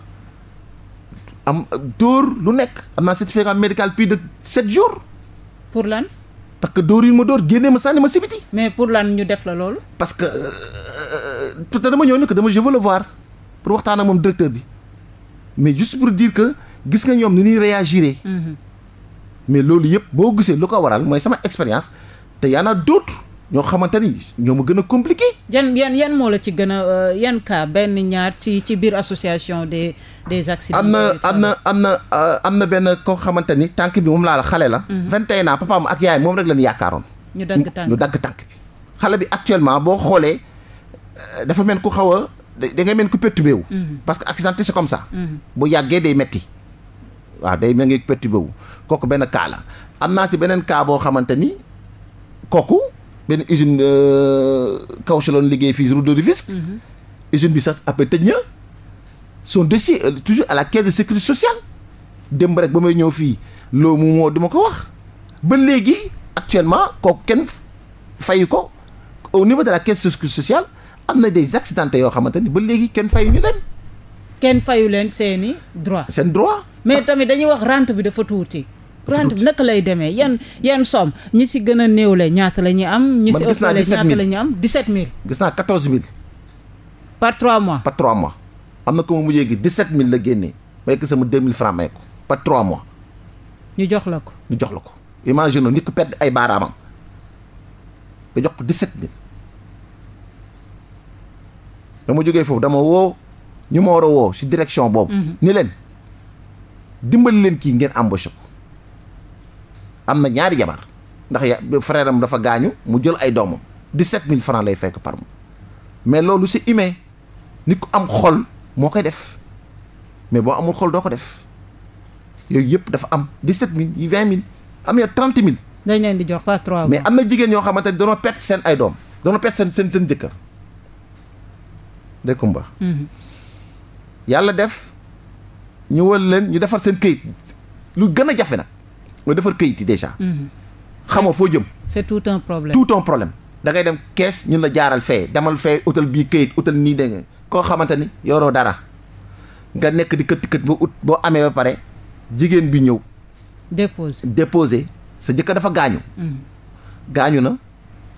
am dóor lu nekk am naa certificat médical plus de 7 jours. pour lan. takk dóor yi ma dóor génnee ma sànni ma sibiti mais pour lan ñu def la loolu. parce que euh, te dama ñëw ni que dama je veux le voir pour waxtaan a moom directeur bi mais juste pour dire que gis nga ñoom ni ñuy réagiré. Mm-hmm. mais loolu yëpp boo gisee lu ko waral mooy sama expérience te yaa na d'autres ñoo xamante ni ñoo ma gën a compliqué. yan yan yan moo la ci gën a euh, yan cas benn ñaar ci ci biir association des des accidents. am na am na am na euh, am na benn koo xamante ni tànk bi moom laa la xale la. 21 mhm. ans papaam ak yaay moom rek la ñu yaakaaroon. ñu dagg tànk ñu dagg tànk bi. xale bi actuellement boo xoolee euh, dafa mel ku xaw a da ngay mel ku perturbé wu. Mhm. parce que accidenté c'est comme ça. Mhm. bu yàggee day metti waaw day mel ni perturbé wu kooku benn cas la am naa si beneen cas boo xamante ni kooku. benn usine euh, kaw si loon liggéey fii route de Rufisque mhm. usine bi sax après tëj na son dossier euh, toujours à la caisse de sécurité sociale démb rek ba may ñëw fii loo mu moo duma ko wax ba léegi actuellement kooku kenn fayu ko au niveau de la caisse de sécurité sociale am na des accidentés yoo xamante ni ba léegi kenn fayu ñu leen kenn fayu leen seeni droit seen droit mais tamit dañuy wax rente bi dafa tuuti rente bi naka lay demee yan yan somme ñi si gën a néewle ñaata la ñuy am. ñi si ëppale ñaata la ñuy am 17000 gis naa 14000. par 3 mois par 3 mois. am na ko ma mujjee gi 17000 la génnee may ko sama 2000 francs may ko par 3 mois. ñu jox la ko ñu jox la ko. imagine nit ku perte ay baaraamam nga jox ko 17000. dama jógee foofu dama woo ñu ma war a woo si direction boobu. Mm-hmm. ni leen dimbali leen kii ngeen embauché ko. am na ñaari jabar ndax ya frère am dafa gaañu mu jël ay doomam 17000 francs lay fekk par mois mais loolu c'est humain nit ko am xol moo koy def mais boo amul xol doo ko def yooyu yëpp dafa am 17000 yi 20000 am na 30000. dañ leen di jox pas 3 mais am na jigéen ñoo xamante ne dañoo pet seen ay doom dañoo perte seen seen seen jëkkër dégg nga mhm. yàlla def ñu leen ñu defar seen këyit lu gën a jafe nag. nga defar kayit yi déjà. Mhm. xamoo foo jëm. c'est tout un problème tout un problème. dem kees ñun la jaaral fee demal fee utal bii kayit utal nii da nga koo xamante ni yoroo dara nga nekk di kët kët ba ut boo amee ba pare jigéen bi ñëw. déposé déposé sa jëkkër dafa gaañu. Mhm. gaañu na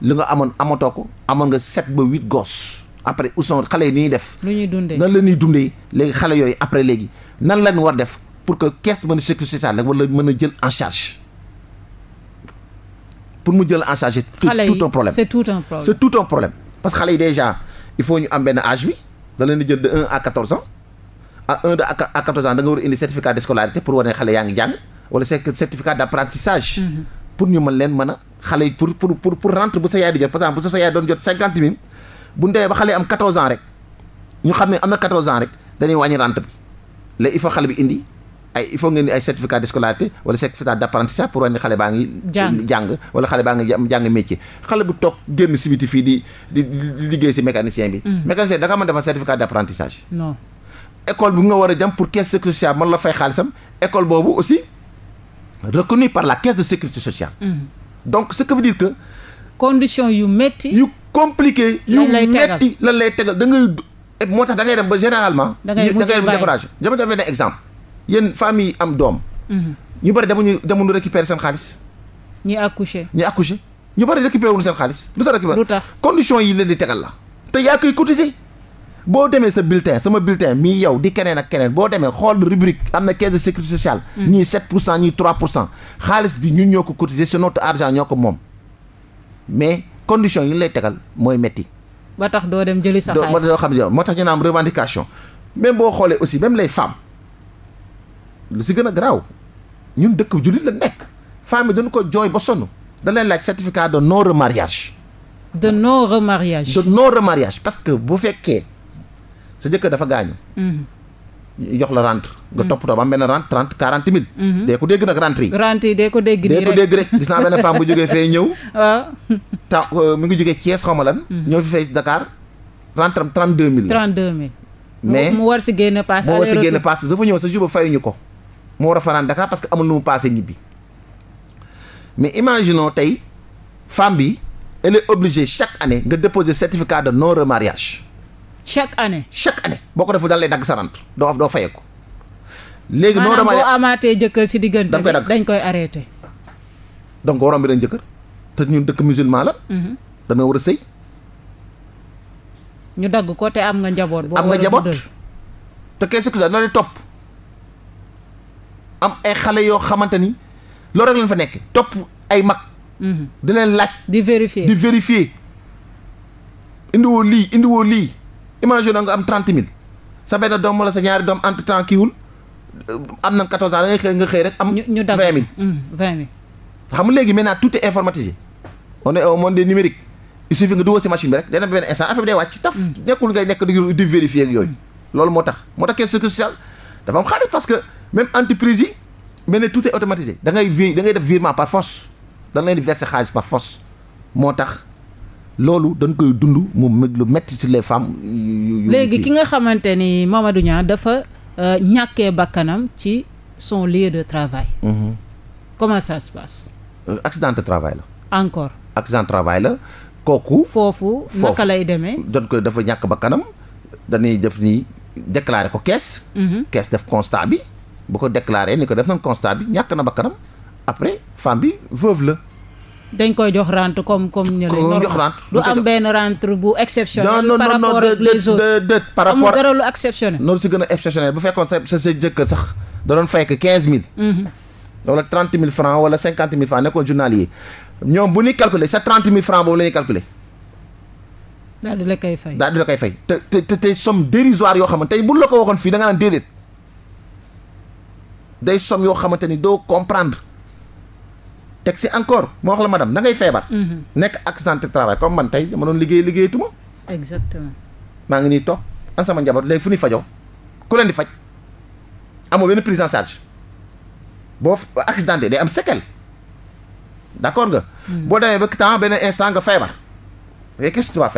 li nga amoon amatoo ko amoon nga sept ba huit gos après où sont xale yi ni def. lu ñuy dundee nan la nuy dundee léegi xale yooyu après léegi nan la lañ war def pour que caisse mën a sécurité sociale rek wala a jël en charge pour mu jël en charge. xale yi tout c'est tout un problème parce que xale yi déjà il faut ñu am benn âge bi da jël de un à quatorze ans à un de à quatorze ans da war a indi certificat de scolarité pour wane xale yaa ngi jàng wala certificat d'apprentissage. Mhm. pour ñu mën leen mën a xale yi pour pour pour pour rentre bu sa yaay di jot par exemple bu sa yaay doon jot cinquante mille bu ñu ba xale yi xam ne am na quatorze ans rek dañuy wàññi rente bi léegi il faut bi indi. ay il faut ngeen ay certificat de scolarité wala certificat d' pour wane xale baa ngi. jàng wala xale baa ngi jàng métier. xale bu toog génn si biti fii di di liggéey si mécanicien bi. Mm. mécanicien da nga mën certificat d' apprentissage. non école bu nga war a jëm pour caisse sécurité sociale mën la fay xaalisam école boobu aussi reconnue par la caisse de sécurité sociale. Mm. donc ce que veut dire condition yu métti. yu compliqué. yu métti lan lay da moo tax da ngay ba da ngay da ngay dem yéen famille am doom. Mhm. ñu bari demuñu demuñu récupérer seen xaalis. ñi accouché ñi accouché ñu bari récupérer wuñu seen xaalis lu tax récupérer. lu tax condition yi leen di tegal la. te yaa koy cotiser boo demee sa bulletin sama bulletin mii yow di keneen ak keneen boo demee xool rubrique am na caisse de sécurité sociale. ñii mm. 7 pour ñii pour cent xaalis bi ñun ñoo ko cotiser c'est notre argent ñoo ko moom mais condition yi lay tegal mooy metti ba tax doo dem jëli sa xaalis doo xam ne moo tax ñu naan am revendication même boo xoolee aussi même les femmes. lu si gën a garaaw ñun dëkk jullit la nekk famille dañu ko jooy ba sonn da leen laaj certificat de non remariage. de non remariage. de non remariage parce que bu fekkee sa jëkkër dafa gaañu. Mm-hmm. jox la rente. nga mm-hmm. toppatoo ba am benn rente trente quarante mille. Mm-hmm. dee ko dégg nag rente yi. rente ko dégg rek gis naa benn femme bu jógee fee ñëw. ta euh, mi ngi jógee Thiès xaw ma ñëw fi fay Dakar rente am trente deux mille. mais mu war si génn paas. aller retour mu war si génn paas dafa ñëw sa juba fayuñu ko. mu war a fanaan Dakar parce que amul nu mu paase ñibbi mais imaginons tey femme bi elle est chaque année nga déposer certificat de non remariage. chaque année chaque année boo ko deful daal lay dagg sa rente doo doo fayeeku. léegi non remariage maanaam boo amaatee jëkkër si diggante dañ koy arrêté. donc waroon bi dañ jëkkër te ñun dëkk musulman la. Mhm. dana war a sëy. ñu dagg ko te am nga njaboot. boo am nga njaboot te kee si ku sa noonu topp. am ay xale yoo xamante ni loolu rek lañ fa nekk topp ay mag. Mhm. di leen di vérifier di vérifier. indiwoo lii indiwoo lii imagine nga am mille sa benn doom wala sa ñaari doom entre temps kiiwul euh, am na quatorze ans xëy nga xëy rek am. ñu dagg vingt mille mhm, vingt mille. xam nga léegi maintenant tout est informatisé on est au monde numérique il suffit nga dugal si rek dana benn instant affaire bi day wàcc taf mhm. nekkul ngay nekk di vérifier ak yooyu. loolu moo tax moo tax caisse sociale dafa am xaalis parce que. même entreprise yi mel ne tout est automatisé da ngay vi da ngay def virement par force da nga leen di verser xaalis par force moo tax loolu dañ koy dund mu lu metti ci les femmes. léegi ki nga xamante ni Mamadou dafa euh, ñàkkee bakkanam ci son lieu de travail. Mmh. comment ça se euh, accident de travail la. encore accident de travail la kooku. foofu naka lay demee. dañ koy dafa ñàkk bakkanam dañuy def nii déclarer ko caisse. Mm-hmm. caisse def constat bi. bu ko déclaré ni ko def nañ constat bi ñàkk na bakkanam après femme bi veuve la. dañ koy jox rente comme comme ñu lay. a exceptionnel bu fekkoon sa sa jëkkër sax da doon mhm. ñoom bu ñuy calculer sa trente mille francs boobu la ñuy calculer. daal la koy fay te te somme dérisoire yoo xam ne tey bu la ko waxoon fii da naan déedéet. day somme yoo xamante ni doo comprendre teg si encore moo wax la madame da ngay feebar. Mhm. nekk accident de travail man tey ma doon liggéey liggéeyatuma. exactement. maa ngi nii to an sama njaboot léegi fu ñuy fajoo ku leen di faj amoo benn prise en charge boo accidenté day am séquelle d'accord nga. Mhm. boo demee ba temps benn instant nga feebar. mais qu'est-ce que tu vas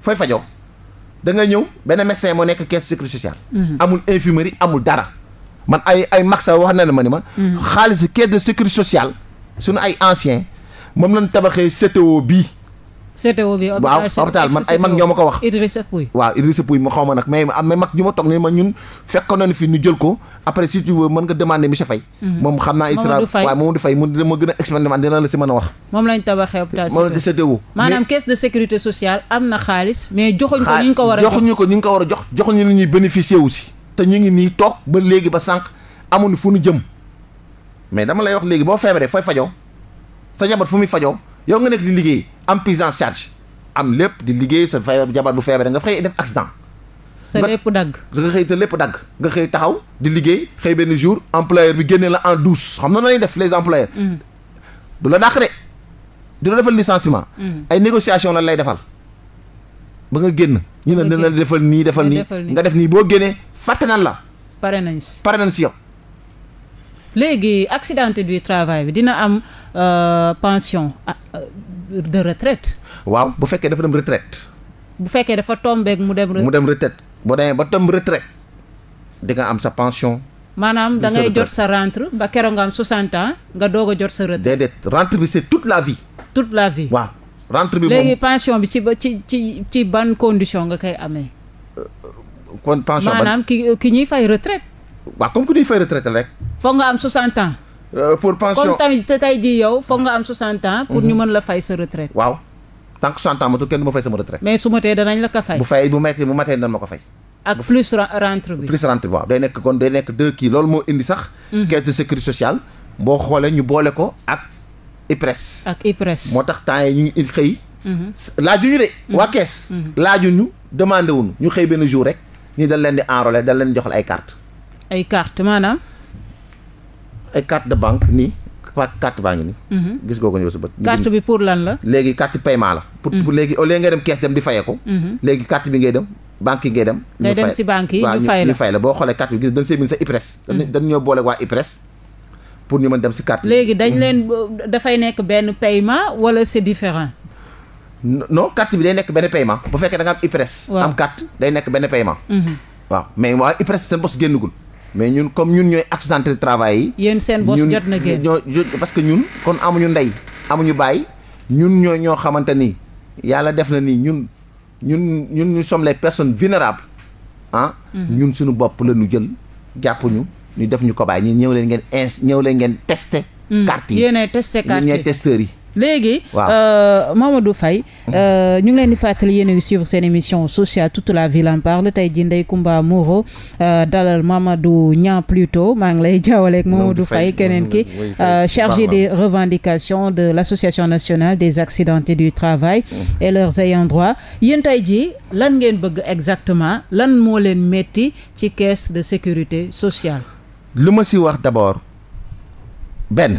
fooy fajoo da ñëw benn médecin moo nekk caisse sécurité sociale. Mhm. amul infirmerie amul dara. man ay ay maxa wax na ne ma ni ma. Mm. xaalis caisse de sécurité sociale suñu ay anciens moom lañ tabaxee CTO bii. CTO bi waaw hôpital man ay mag ñoo a ko wax. Idrissa Pouye waaw Idrissa Pouye ma xaw ma nag mais mag ñu ma toog ne ma ñun fekkoon na fi ñu jël ko après si tu veux mën nga demander monsieur Faye. Mm-hmm. moom xam naa ISRA waaw Mamadou Faye mu ma gën a expérimenté dina la si mën a wax. moom lañ tabaxee hôpital moom maanaam caisse de sécurité sociale am na xaalis. mais joxuñ ko war a jox joxuñu ko ko war a jox joxuñu lu ñuy bénéficier wu si. te ñu ngi nii toog ba léegi ba sànq amuñu fu nu jëm mais dama lay wax léegi boo feebaree fooy fajoo sa jabar fu muy fajoo yow nga nekk di liggéey am prise en charge am lépp di liggéey sa feebar jabar bu feebaree nga xëy def accident. sa lépp dagg nga xëy sa lépp dagg nga xëy taxaw di liggéey xëy benn jour employeur bi génnee la en douce xam na lay def les employeurs. Mm. du la dàq de du la defal licenciement. Mm. ay négociation la lay defal ba nga génn. ñu ne dina defal nii defal nii nga def nii boo génnee. fàtte nan la. pare nañ si pare si yow. léegi accidenté du travail bi dina am euh, pension ah, euh, de retraite. waaw bu fekkee dafa dem retraite. bu fekkee dafa tombeek mu dem. mu dem retraite boo demee ba tomb retraite di nga am sa pension. maanaam da jot sa rentre ba keroog nga am nga doog a jot sa retraite. déedéet rentre bi c'est toute la vie. tout la vie waaw. rentre bi moom léegi pension bi ci ba ci ci ci ban condition nga koy amee. Euh, kon pension maanaam ki ki ñuy fay retraite waaw comme ku ñuy fay retraite rek. foog nga am 60 ans. Euh, pour pension comme tey tey jii yow foog nga am 60 ans. pour ñu mhm. mën la fay sa retraite. waaw tant que 60 ans kenn du ma fay sama retraite. mais su ma tee danañ la ko fay. bu fay bu metti bu danañ ma ko fay. ak plus rentre bi. waaw day nekk kon day nekk deux kii loolu moo indi sax. Mhm. caisse de sécurité sociale boo xoolee ñu boole ko ak IPRES. ak IPRES moo tax temps yi ñu xëy. Mhm. laajuñu de. waa caisse. laajuñu demandé wuñu ñu xëy benn jour rek. ñii dañ leen di enrôler dañ leen joxal ay carte ay carte maanaam. ay carte de banque nii carte baa ngi nii. Mhm. gis nga ko ñëw si bët. carte bi pour lan la. léegi carte paiement la. pour mhm. léegi au lieu nga dem kees dem di fayee ko. Mhm. léegi carte bi ngay dem banque yi ngay dem. ñu dem si banque yi ñu fay la ñu fay la boo xoolee carte bi gis dañ see bind sa IPRES. dañ ñoo boole waa IPRES. pour ñu mën dem si carte léegi dañ leen dafay nekk benn paiement non carte bi day nekk benn paiement bu fekkee da nga am IPRES. am carte day nekk benn paiement. Mhm. waaw mais waa IPRES seen bos génnagul. mais ñun comme ñun ñooy accidenté travail yi. yéen seen bos jot na génn ñoo parce que ñun kon amuñu ndey amuñu baay ñun ñoo ñoo xamante ni yàlla def na nii ñun ñun ñun ñu sommes les personnes vulnérables ah. Mhm. ñun suñu bopp la ñu jël jàpp ñu ñu def ñu ko bàyyi ñu ñëw leen ngeen ins ñëw leen ngeen testé. Mhm. carte yi yéenay testé carte yi yi. léegi waaw euh, Mamadou Faye euh, mhm. ñu ngi leen di fàttali yéen a ngi suivre seen émission sociale toute la ville en parle tey jii Ndeye Comba Moreau euh, dalal Mamadou Niang plutôt maa ngi lay jaawaleeg du Faye keneen ki chargé des revendications de l'association nationale des accidentés du travail mhm. et leurs ayants droit yéen tey jii lan ngeen bëgg exactement lan moo leen metti ci caisse de sécurité sociale lu ma si wax d'abord benn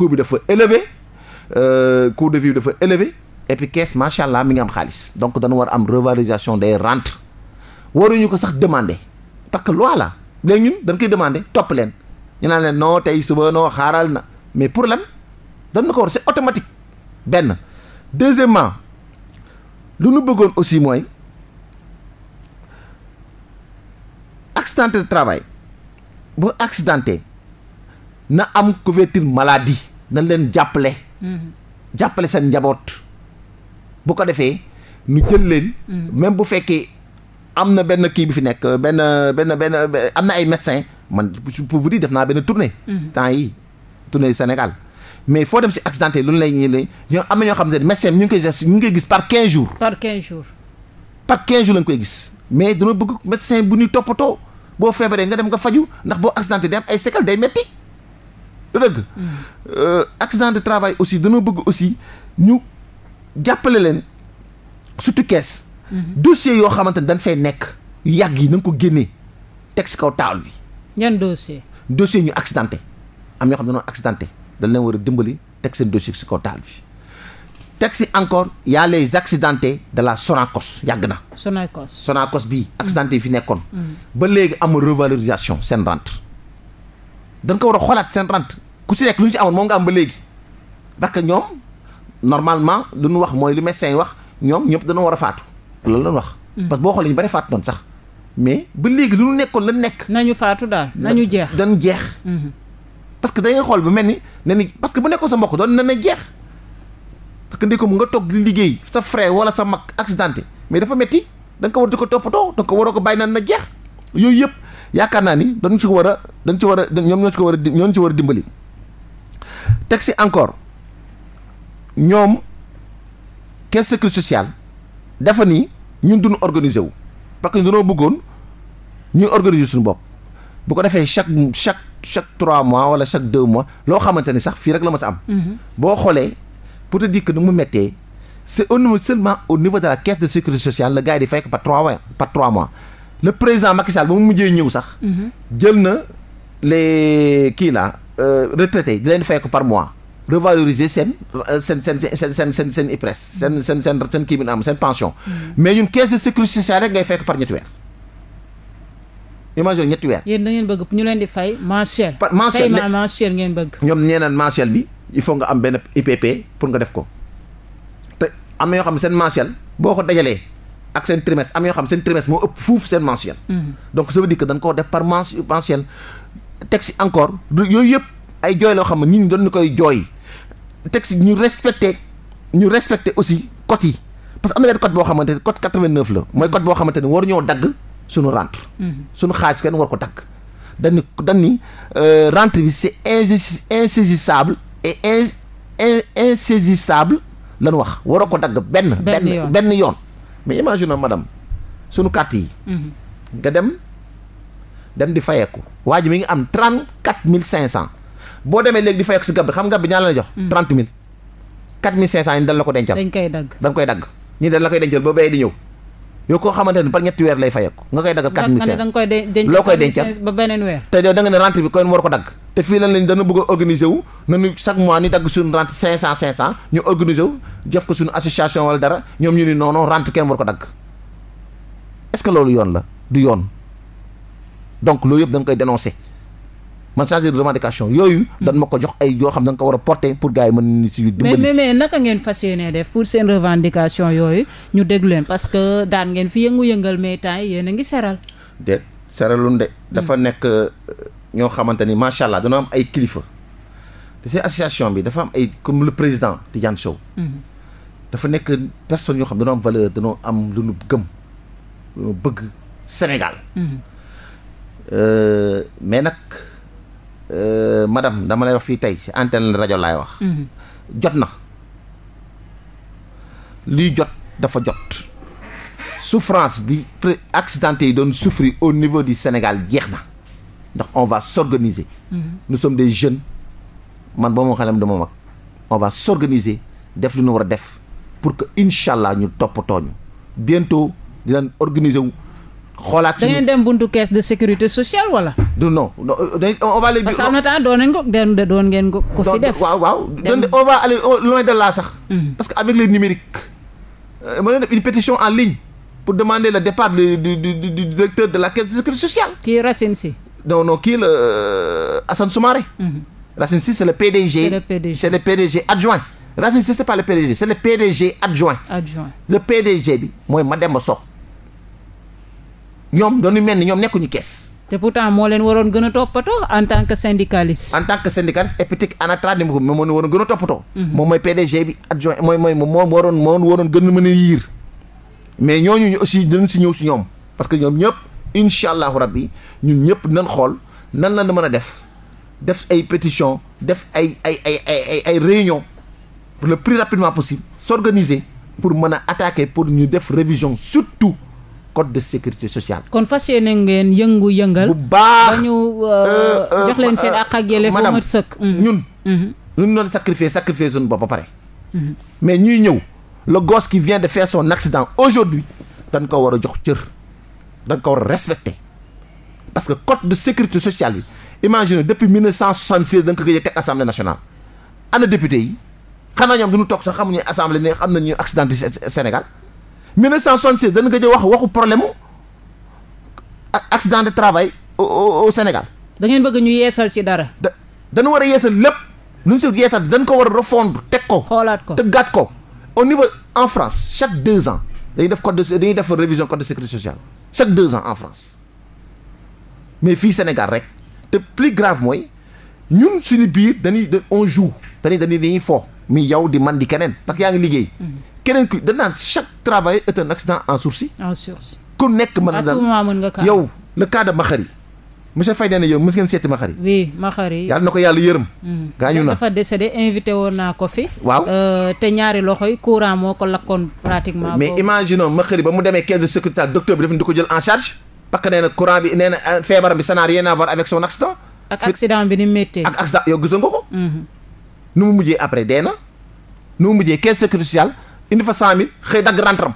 coût bi dafa élevé euh, coût de vie bi dafa élevé et puis caisse macha allah mi ngi am xaalis donc dañu war am revalorisation des rentes waruñu ko sax demander parce que loi la léegi ñun dañ koy demandé topp leen ñu naa leen non tey suba noo xaaral na mais pour lan dañ na ko war c'est otomatique benn deuxièmement lu nu bëggoon aussi mooy accidenté de travail bu accidenté na am couverture maladie nañ leen jàppale. jàppale seen njaboot. bu ko defee ñu jël leen. même bu fekkee am na benn kii bi fi nekk benn benn benn am na ay médecins man pour vous dire def naa benn tournée. Mm-hmm. temps yi tournée Sénégal. mais foo dem si accidenté lu ñu lay ñuy ñoo am na ñoo xam ne médecin ñu ngi koy ñu ngi koy gis par 15 jours. par 15 jours. la ñu koy gis mais dama bëgg médecin bu ñuy toppatoo boo feebaree nga dem nga faju ndax boo accidenté day am ay séquelles day metti du dëgg euh, accident travail aussi dañoo bëgg aussi ñu jàppale leen surtout kees mhm. dossier yoo xamante ne dañ fay nekk yàgg yi na nga ko génnee teg si kaw taal bi yan dossier dossier ñu accidenté am ñoo xam ne dañoo accidenté war a dimbali teg seen dossier si teg si encore y a les de la Sonacos yàgg na Sonacos Sonacos bii accidenté yi fi nekkoon mhm. ba léegi amul revalorisation seen rente dañ ko war a xolaat seen rente ku si nekk lu ñu si amoon moom nga am ba léegi parce que ñoom normalement lu ñu wax mooy lu médecin yi wax ñoom ñëpp dañoo war a faatu loolu lañ wax. Hmm. parce boo xoolee ñu bari faat doon sax mais ba léegi lu ñu nekkoon la nekk. nañu faatu daal nañu jeex dañ jeex. Hmm. parce que da ngay xool ba mel ni ne ni parce que bu nekkoon sa mbokk doon na na jeex parce que mu nga toog liggéey sa frère wala sa mag accidenté mais dafa metti da ko war di ko toppatoo da nga ko waroo ko bàyyi naan na jeex yooyu yëpp. yaakaar naa ni dañ ci war a dañ ci war a ñoom ñoo ko a ñoom ci war a dimbali teg si encore ñoom caisse sécurité sociale dafa ni ñun duñu organiser wu parce que dañoo bëggoon ñuy organiser suñu bopp bu ko defee chaque chaque chaque trois mois wala chaque deux mois loo xamante ni sax fii rek la ma sa am. Mhm. boo xoolee pour te dire que nu mu méttee c' est au niveau seulement au niveau de la caisse de la gars di fekk par trois mois par trois mois. le président Macky Sall ba mu mujjee ñëw sax. Mhm. jël na les kii la euh, retraités di leen fekk par mois. revaloriser seen euh, seen seen seen seen seen seen IPRES seen seen seen seen kii bi am seen pension. Mhm. mais ñun caisse de sécurité sociale rek ngay fekk par ñetti weer. imagine ñetti weer. yéen da ngeen bëgg ñu leen di fay mensuel. par mensuel paiement mensuel ngeen bëgg. ñoom nee naan bi il faut nga am benn IPP pour nga def ko te am yoo xam ne seen mensuel boo ko dajalee. ak seen trimestre am yoo xam seen trimestre moo ëpp fuuf seen mensuel. Mm-hmm. donc ça veut dire que dañ def par mensuel teg si encore yooyu yëpp ay jooy loo xam ne ñun dañu koy jooy teg si ñu respecté ñu respecté aussi cote yi parce que am na benn cote boo xamante ne cote 89 la mooy cote boo xamante ne war ñoo dagg suñu rente. Mm-hmm. suñu xaaj kenn war ko dagg dañu dañu euh, rente bi c'est insaisissable et in insaisissable lañu wax waroo ko dagg benn. benn benn yoon. mais imagine madame sunu carte yi. Mhm. nga dem dem di fayeku waa ji mi ngi am trente quatre mille cinq cent boo demee léegi di fayeku si gab bi xam gab bi ñaa la jox. Mhm. trente mille quatre mille cinq cent yi dañ la ko dencal. dañ koy dagg dañ koy dagg ñii dañ la koy dencal ba bay di ñëw. yow koo xamante ne par ñetti weer lay fayeeku nga koy daggal quatre mille cinq nga koy denc loo koy dencal te yow da nga ne rente bi kon war ko dagg te fii lan lañ dana bëgg a organiser wu chaque mois ni dagg suñu rente cinq cent cinq cent ñu organiser wu ko suñu association wala dara ñoom ñu ni non non kenn war ko dagg est-ce que loolu yoon la du yoon donc loolu yëpp dañ koy dénoncer man chargé de revendication yooyu. dañ ma ko jox ay yoo xam da nga ko war a porter pour gars yi mën si yu dimbali. mais mais naka ngeen fas yéenee def pour seen revendication yooyu ñu déglu leen parce que daan ngeen fi yëngu-yëngal mais temps yi a ngi seral. déet seralun de. dafa hmm. nekk euh, ñoo xamante ni macha allah dañoo am ay kilifa. te seen association bi dafa am ay comme le président Tidiane Sow. Hmm. dafa nekk personne yoo xam dañoo am valeur dañoo am lu nu gëm lu bëgg Sénégal. Hmm. Euh, mais nag. Euh, madame dama lay wax fii tey si antenne rajo lay wax. Mm-hmm. jot na liy jot dafa jot souffrance bi pré accidenté yi doon souffrir au niveau du Sénégal jeex na ndax on va s'organiser. Mm-hmm. nous sommes des jeunes man boo ma xam ne dama mag on va s'organiser def lu ñu war a def pour que incha allah ñu toppatoo ñu bientôt dinañ organiser wu xoolaat. da ngeen dem buntu caisse de sécurité sociale wala. du non euh, on va les. parce que a même temps doon nañ loin de là sax. Hmm. parce que avec le numérique. Euh, mën na pétition en ligne pour demander le départ du la caisse de sociale. kii Racine Sy. non kii la euh, Assane Soumaré. Hmm. Racine Sy c'est le PDG. c'est le PDG c'est le PDG adjoint. Racine Sy c'est pas le PDG c'est le PDG adjoint. adjoint le PDG bi mooy Mademba Sock ñoom dañu mel ni ñoom nekkuñu kees. te pourtant moo leen waroon gën a toppatoo en tant que syndicaliste. en tant que syndicaliste et puis teg ANATRA mu ko moom moo waroon gën a toppatoo. Mhm. moom mooy PDG bi adjoint mooy mooy moom moo waroon moo waroon gën a mën a yiir mais ñooñu aussi dinañ si ñëw si ñoom parce que ñoom ñëpp incha allahu rabbi ñun ñëpp dinañ xool nan la mën a def def ay pétition def ay ay ay ay ay réunion le pris rapidement possible s'organiser pour mën a attaquer pour ñu def révision surtout. code de sécurité sociale. kon fas yéene ngeen yëngu yëngal. ba ñu euh, euh, euh, jox leen seen àq ak yelleef fu mhm. ñun. ñu ngi doon sacrifier sacrifier suñu bopp ba pare. Mhm. mais ñuy ñëw le gosse qui vient de faire son accident aujourd'hui dañ ko war a jox cër dañ ko war parce que code de sécurité sociale bi imaginez depuis 1976 dañ ko gëj a teg assemblée nationale ana député yi xanaa ñoom du ñu toog sax xamuñu assemblée ne xam nañu accident du Sénégal. 1966 dañu gëj a wax waxu problème accident de travail au au Sénégal. da ngeen bëgg ñu yeesal ci dara. da dañu war a yeesal lépp lu ñu si yeesal dañ ko war a refondre teg ko. xoolaat ko tëggaat ko. au niveau en France chaque deux ans dañuy def code de dañuy def révision code de sécurité sociale chaque deux ans en France mais fii Sénégal rek te plus grave mooy ñun suñu biir dañuy on joue dañuy dañuy dañuy fo. mi yow di man di keneen parce yaa ngi liggéey. Mm. keneen ku danaan chaque travail est accident en sursis. en sursis ku nekk mën na daal yow le cas de Makhari. monsieur Faye nee na yow mos ngeen seeti Makhari. oui Makhari. yàlla na ko yàlla yërëm. Hmm. gaañu na woon naa ko waaw euh, te ñaari loxo yi courant moo ko lakkoon pratiquement. mais imaginons Makhari ba mu demee caisse de sécurité docteur bi daf di ko jël en charge. parce que nee na courant bi nee na euh, feebaram bi ça n'a rien à voir avec son accident. accident bi ni méttee. accident yow gis nga ko. Hmm. nu mu mujjee après dee na nu mu mujjee caisse de indi fa cent mille xëy dagg rentram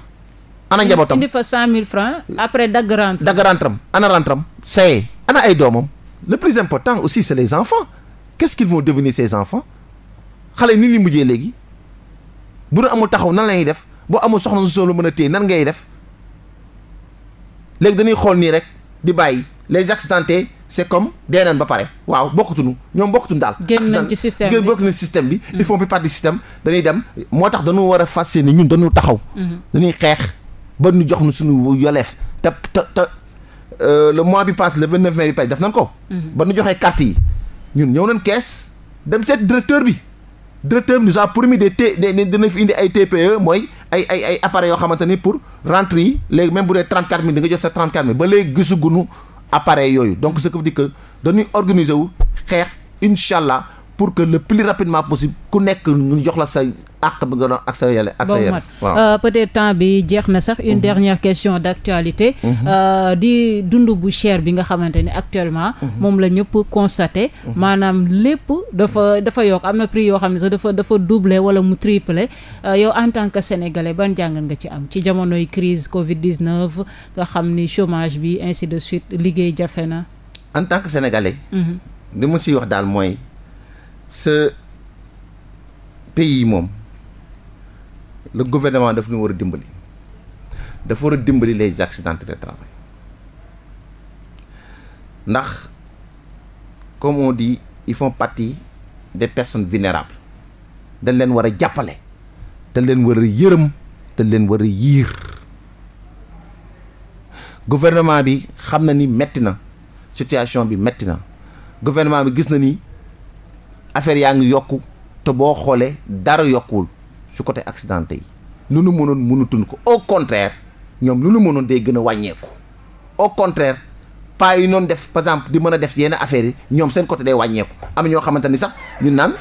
ana njabootam indi fa cent mille francs après dagg rentram dagg rentram ana rentram saye ana ay doomam le plus important aussi c'est les enfants qu'est-ce qu'ils vont devenir ces enfants xale yi ni li mujjee léegi bu nu amul taxaw nan la ñuy def boo amul soxla su la mën a téye nan ngay def léegi dañuy xool nii rek di bàyyi les accidentés c'est comme dee naan ba pare waaw bokkatuñu ñoom bokkatuñu daal. génn nañ ci système bi génn nañ système bi. ils font plus partie du système tax dañu war a fas yéene ñun dañu taxaw. Mm-hmm. dañuy xeex ba ñu jox ñu suñu yoleef te te te euh, mois bi passe le vingt neuf mai bi def nañ ko. Mm-hmm. ba ñu joxee carte yi ñun ñëw nañ kees dem seet directeur bi. directeur nous a promis des T dina indi ay TPE mooy ay ay ay appareils yoo ni pour rentrée yi léegi même bu dee trente quatre mille di nga jot sa trente quatre mille ba léegi gisaguñu appareil yooyu donc ce qui veut dire que dañuy organiser wu xeex incha allah pour que le plus rapidement possible ku nekk ñu jox la say àq bi ak sa yele ak sa yele euh, temps bi jeex na sax une mhm. dernière question d'actualité mhm. euh, di dund bu cher bi nga xamante ni actuellement mhm. moom la ñëpp constaté maanaam lépp dafa dafa yokk am na prix yoo xam ne sax dafa dafa doublé wala mu triplé euh, yow en tant que sénégalais ban jàngat nga ci am ci jamonoy crise covid 19 nga xam ni chômage bi ainsi de suite liggéey jafe na en tant que sénégalais li mu siy wax daal mooy sa pays moom la gouvernement daf ñu war a dimbali dafa war a dimbali les accidentés de travail ndax comme on dit ils font partie des personnes vulnérables dañ leen war a jàppale dañ leen war a yërëm dañ leen war a yiir gouvernement bi xam na ni metti na situation bi metti na gouvernement bi gis na ni affaire yaa ngi yokk te boo xoolee dara yokkuwul su côté accidenté yi lu nu mënoon mënutuñ ko au contraire ñoom lu nu mënoon day gën a wàññeeku au contraire pas yi noonu def par exemple di mën a def yenn affaires yi ñoom seen côté day wàññeeku am ñoo xamante ni sax ñu naan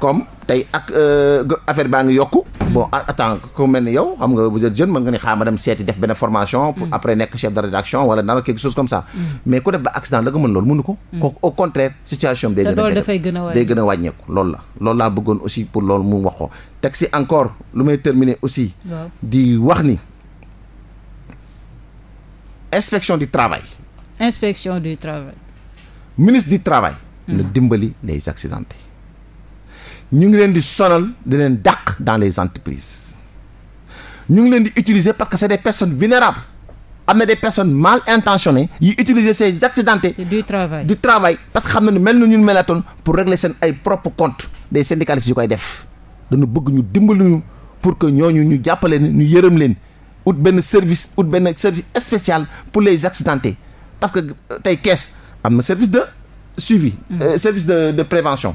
comme tey ak euh, affaire baa ngi yokku bon attends ku mel ni yow xam nga vous êtes jeune mën nga ni xaar ma dem seeti def benn formation pour mm. après nekk chef de rédaction wala dara quelque chose comme ça mm. mais ku def ba accident la nga mën loolu mënu ko mm. kooku au contraire situation bi day gën a day gën a wàññeeku loolu la loolu laa bëggoon aussi pour loolu mu wax ko teg si encore lu may terminer aussi di wax ni inspection du travail inspection du travail ministre du travail na dimbali ñu ngi leen di sonal di leen dàq dans les entreprises ñu ngi leen di utiliser parce que c'est des personnes vulnérables am na de personnes mal intentionnées yi utiliser ces accidentés du travail du parce que xam na ne mel na ñun melatoon pour régler seen ay propre compte des syndicalistes yu koy def dañu bëgg ñu dimbali ñu pour que ñooñu ñu jàppaleen ñu yërëm leen ut benn service ut benn service spécial pour les accidentés parce que euh, tey caisse am na service de suivi. Mm. Euh, service de de prévention.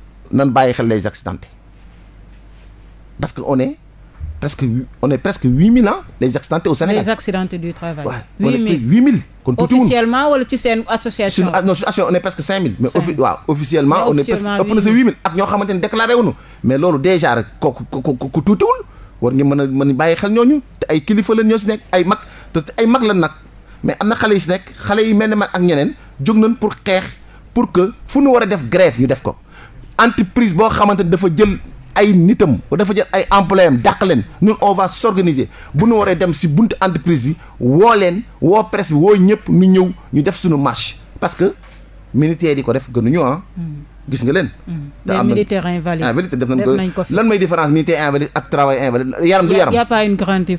nan bàyyi xel les accidentés parce que on presque on est presque huit mille ans les accidentés au Sénégal. les accidentés du travail. huit mille huit mille kon tuuti officiellement wala ci seen association. suñu ah, non suñu association ah, on est presque cinq mille. mais offi waaw officiellement. on est presque ëpp na sa huit mille ak ñoo xamante ni déclaré wuñu mais loolu déjà rek kooku ku tuutiwul war nga mën a mën bàyyi xel ñooñu te ay kilifa lañ ñoo si nekk ay mag te ay mag lan nag mais am na xale yi si nekk xale yi mel ne man ak ñeneen jóg nañ pour xeex pour que fu ñu war a def grève ñu def ko. entreprise boo xamante dafa jël ay nitam dafa jël ay employé am dàq leen ñun on va s'organiser bu nu waree dem si bunt entreprise bi woo leen woo presse bi woo ñëpp ñu ñëw ñu def suñu marche parce que militaires yi ko def gënuñu ah. Hmm. gis nga leen. Hmm. te am na militaire ah, lan mooy différence militaire invalide ak travail invalide yaram du yaram. y' a pas pas une grande y'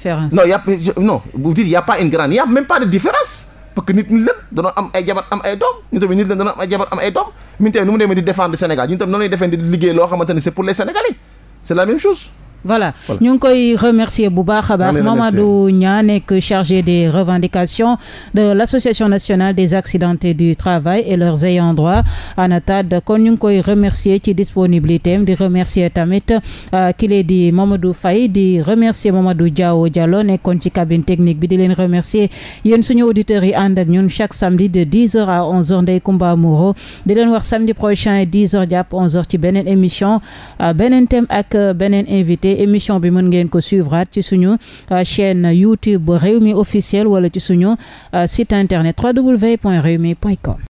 a pas de différence. parce que nit nit leen danoo am ay jabar am ay doom ñun tamit nit leen danoo am ay jabar am ay doom ñun tamit nu mu demee di défendre Sénégal ñun tamit noonu lay défendre di liggéey loo xamante ne c'est pour les Sénégalais c'est la même chose voilà ñu ngi koy remercier bu baax a baax Mamadou Niang nekk chargé des revendications de l'association nationale des accidentés du travail et leurs ayants droit ANATAD kon ñu ngi koy remercier ci disponibilité am di remercier tamit euh, ki lee di Mamadou Faye di remercier Mamadou Diaw Diallo nekkoon ci cabine technique bi di leen remercier yen suñu auditeurs yi ànd ak ñun chaque samedi de 10 heures à 11 heures Ndeye Comba Moreau di leen wax samedi prochain 10 heures jàpp 11 heures ci beneen émission euh, beneen thème ak euh, beneen invité émission bi mën ngeen ko suivre ci suñu euh, chaîne YouTube Rewmi officiel wala ci suñu euh, site internet www.rewmi.com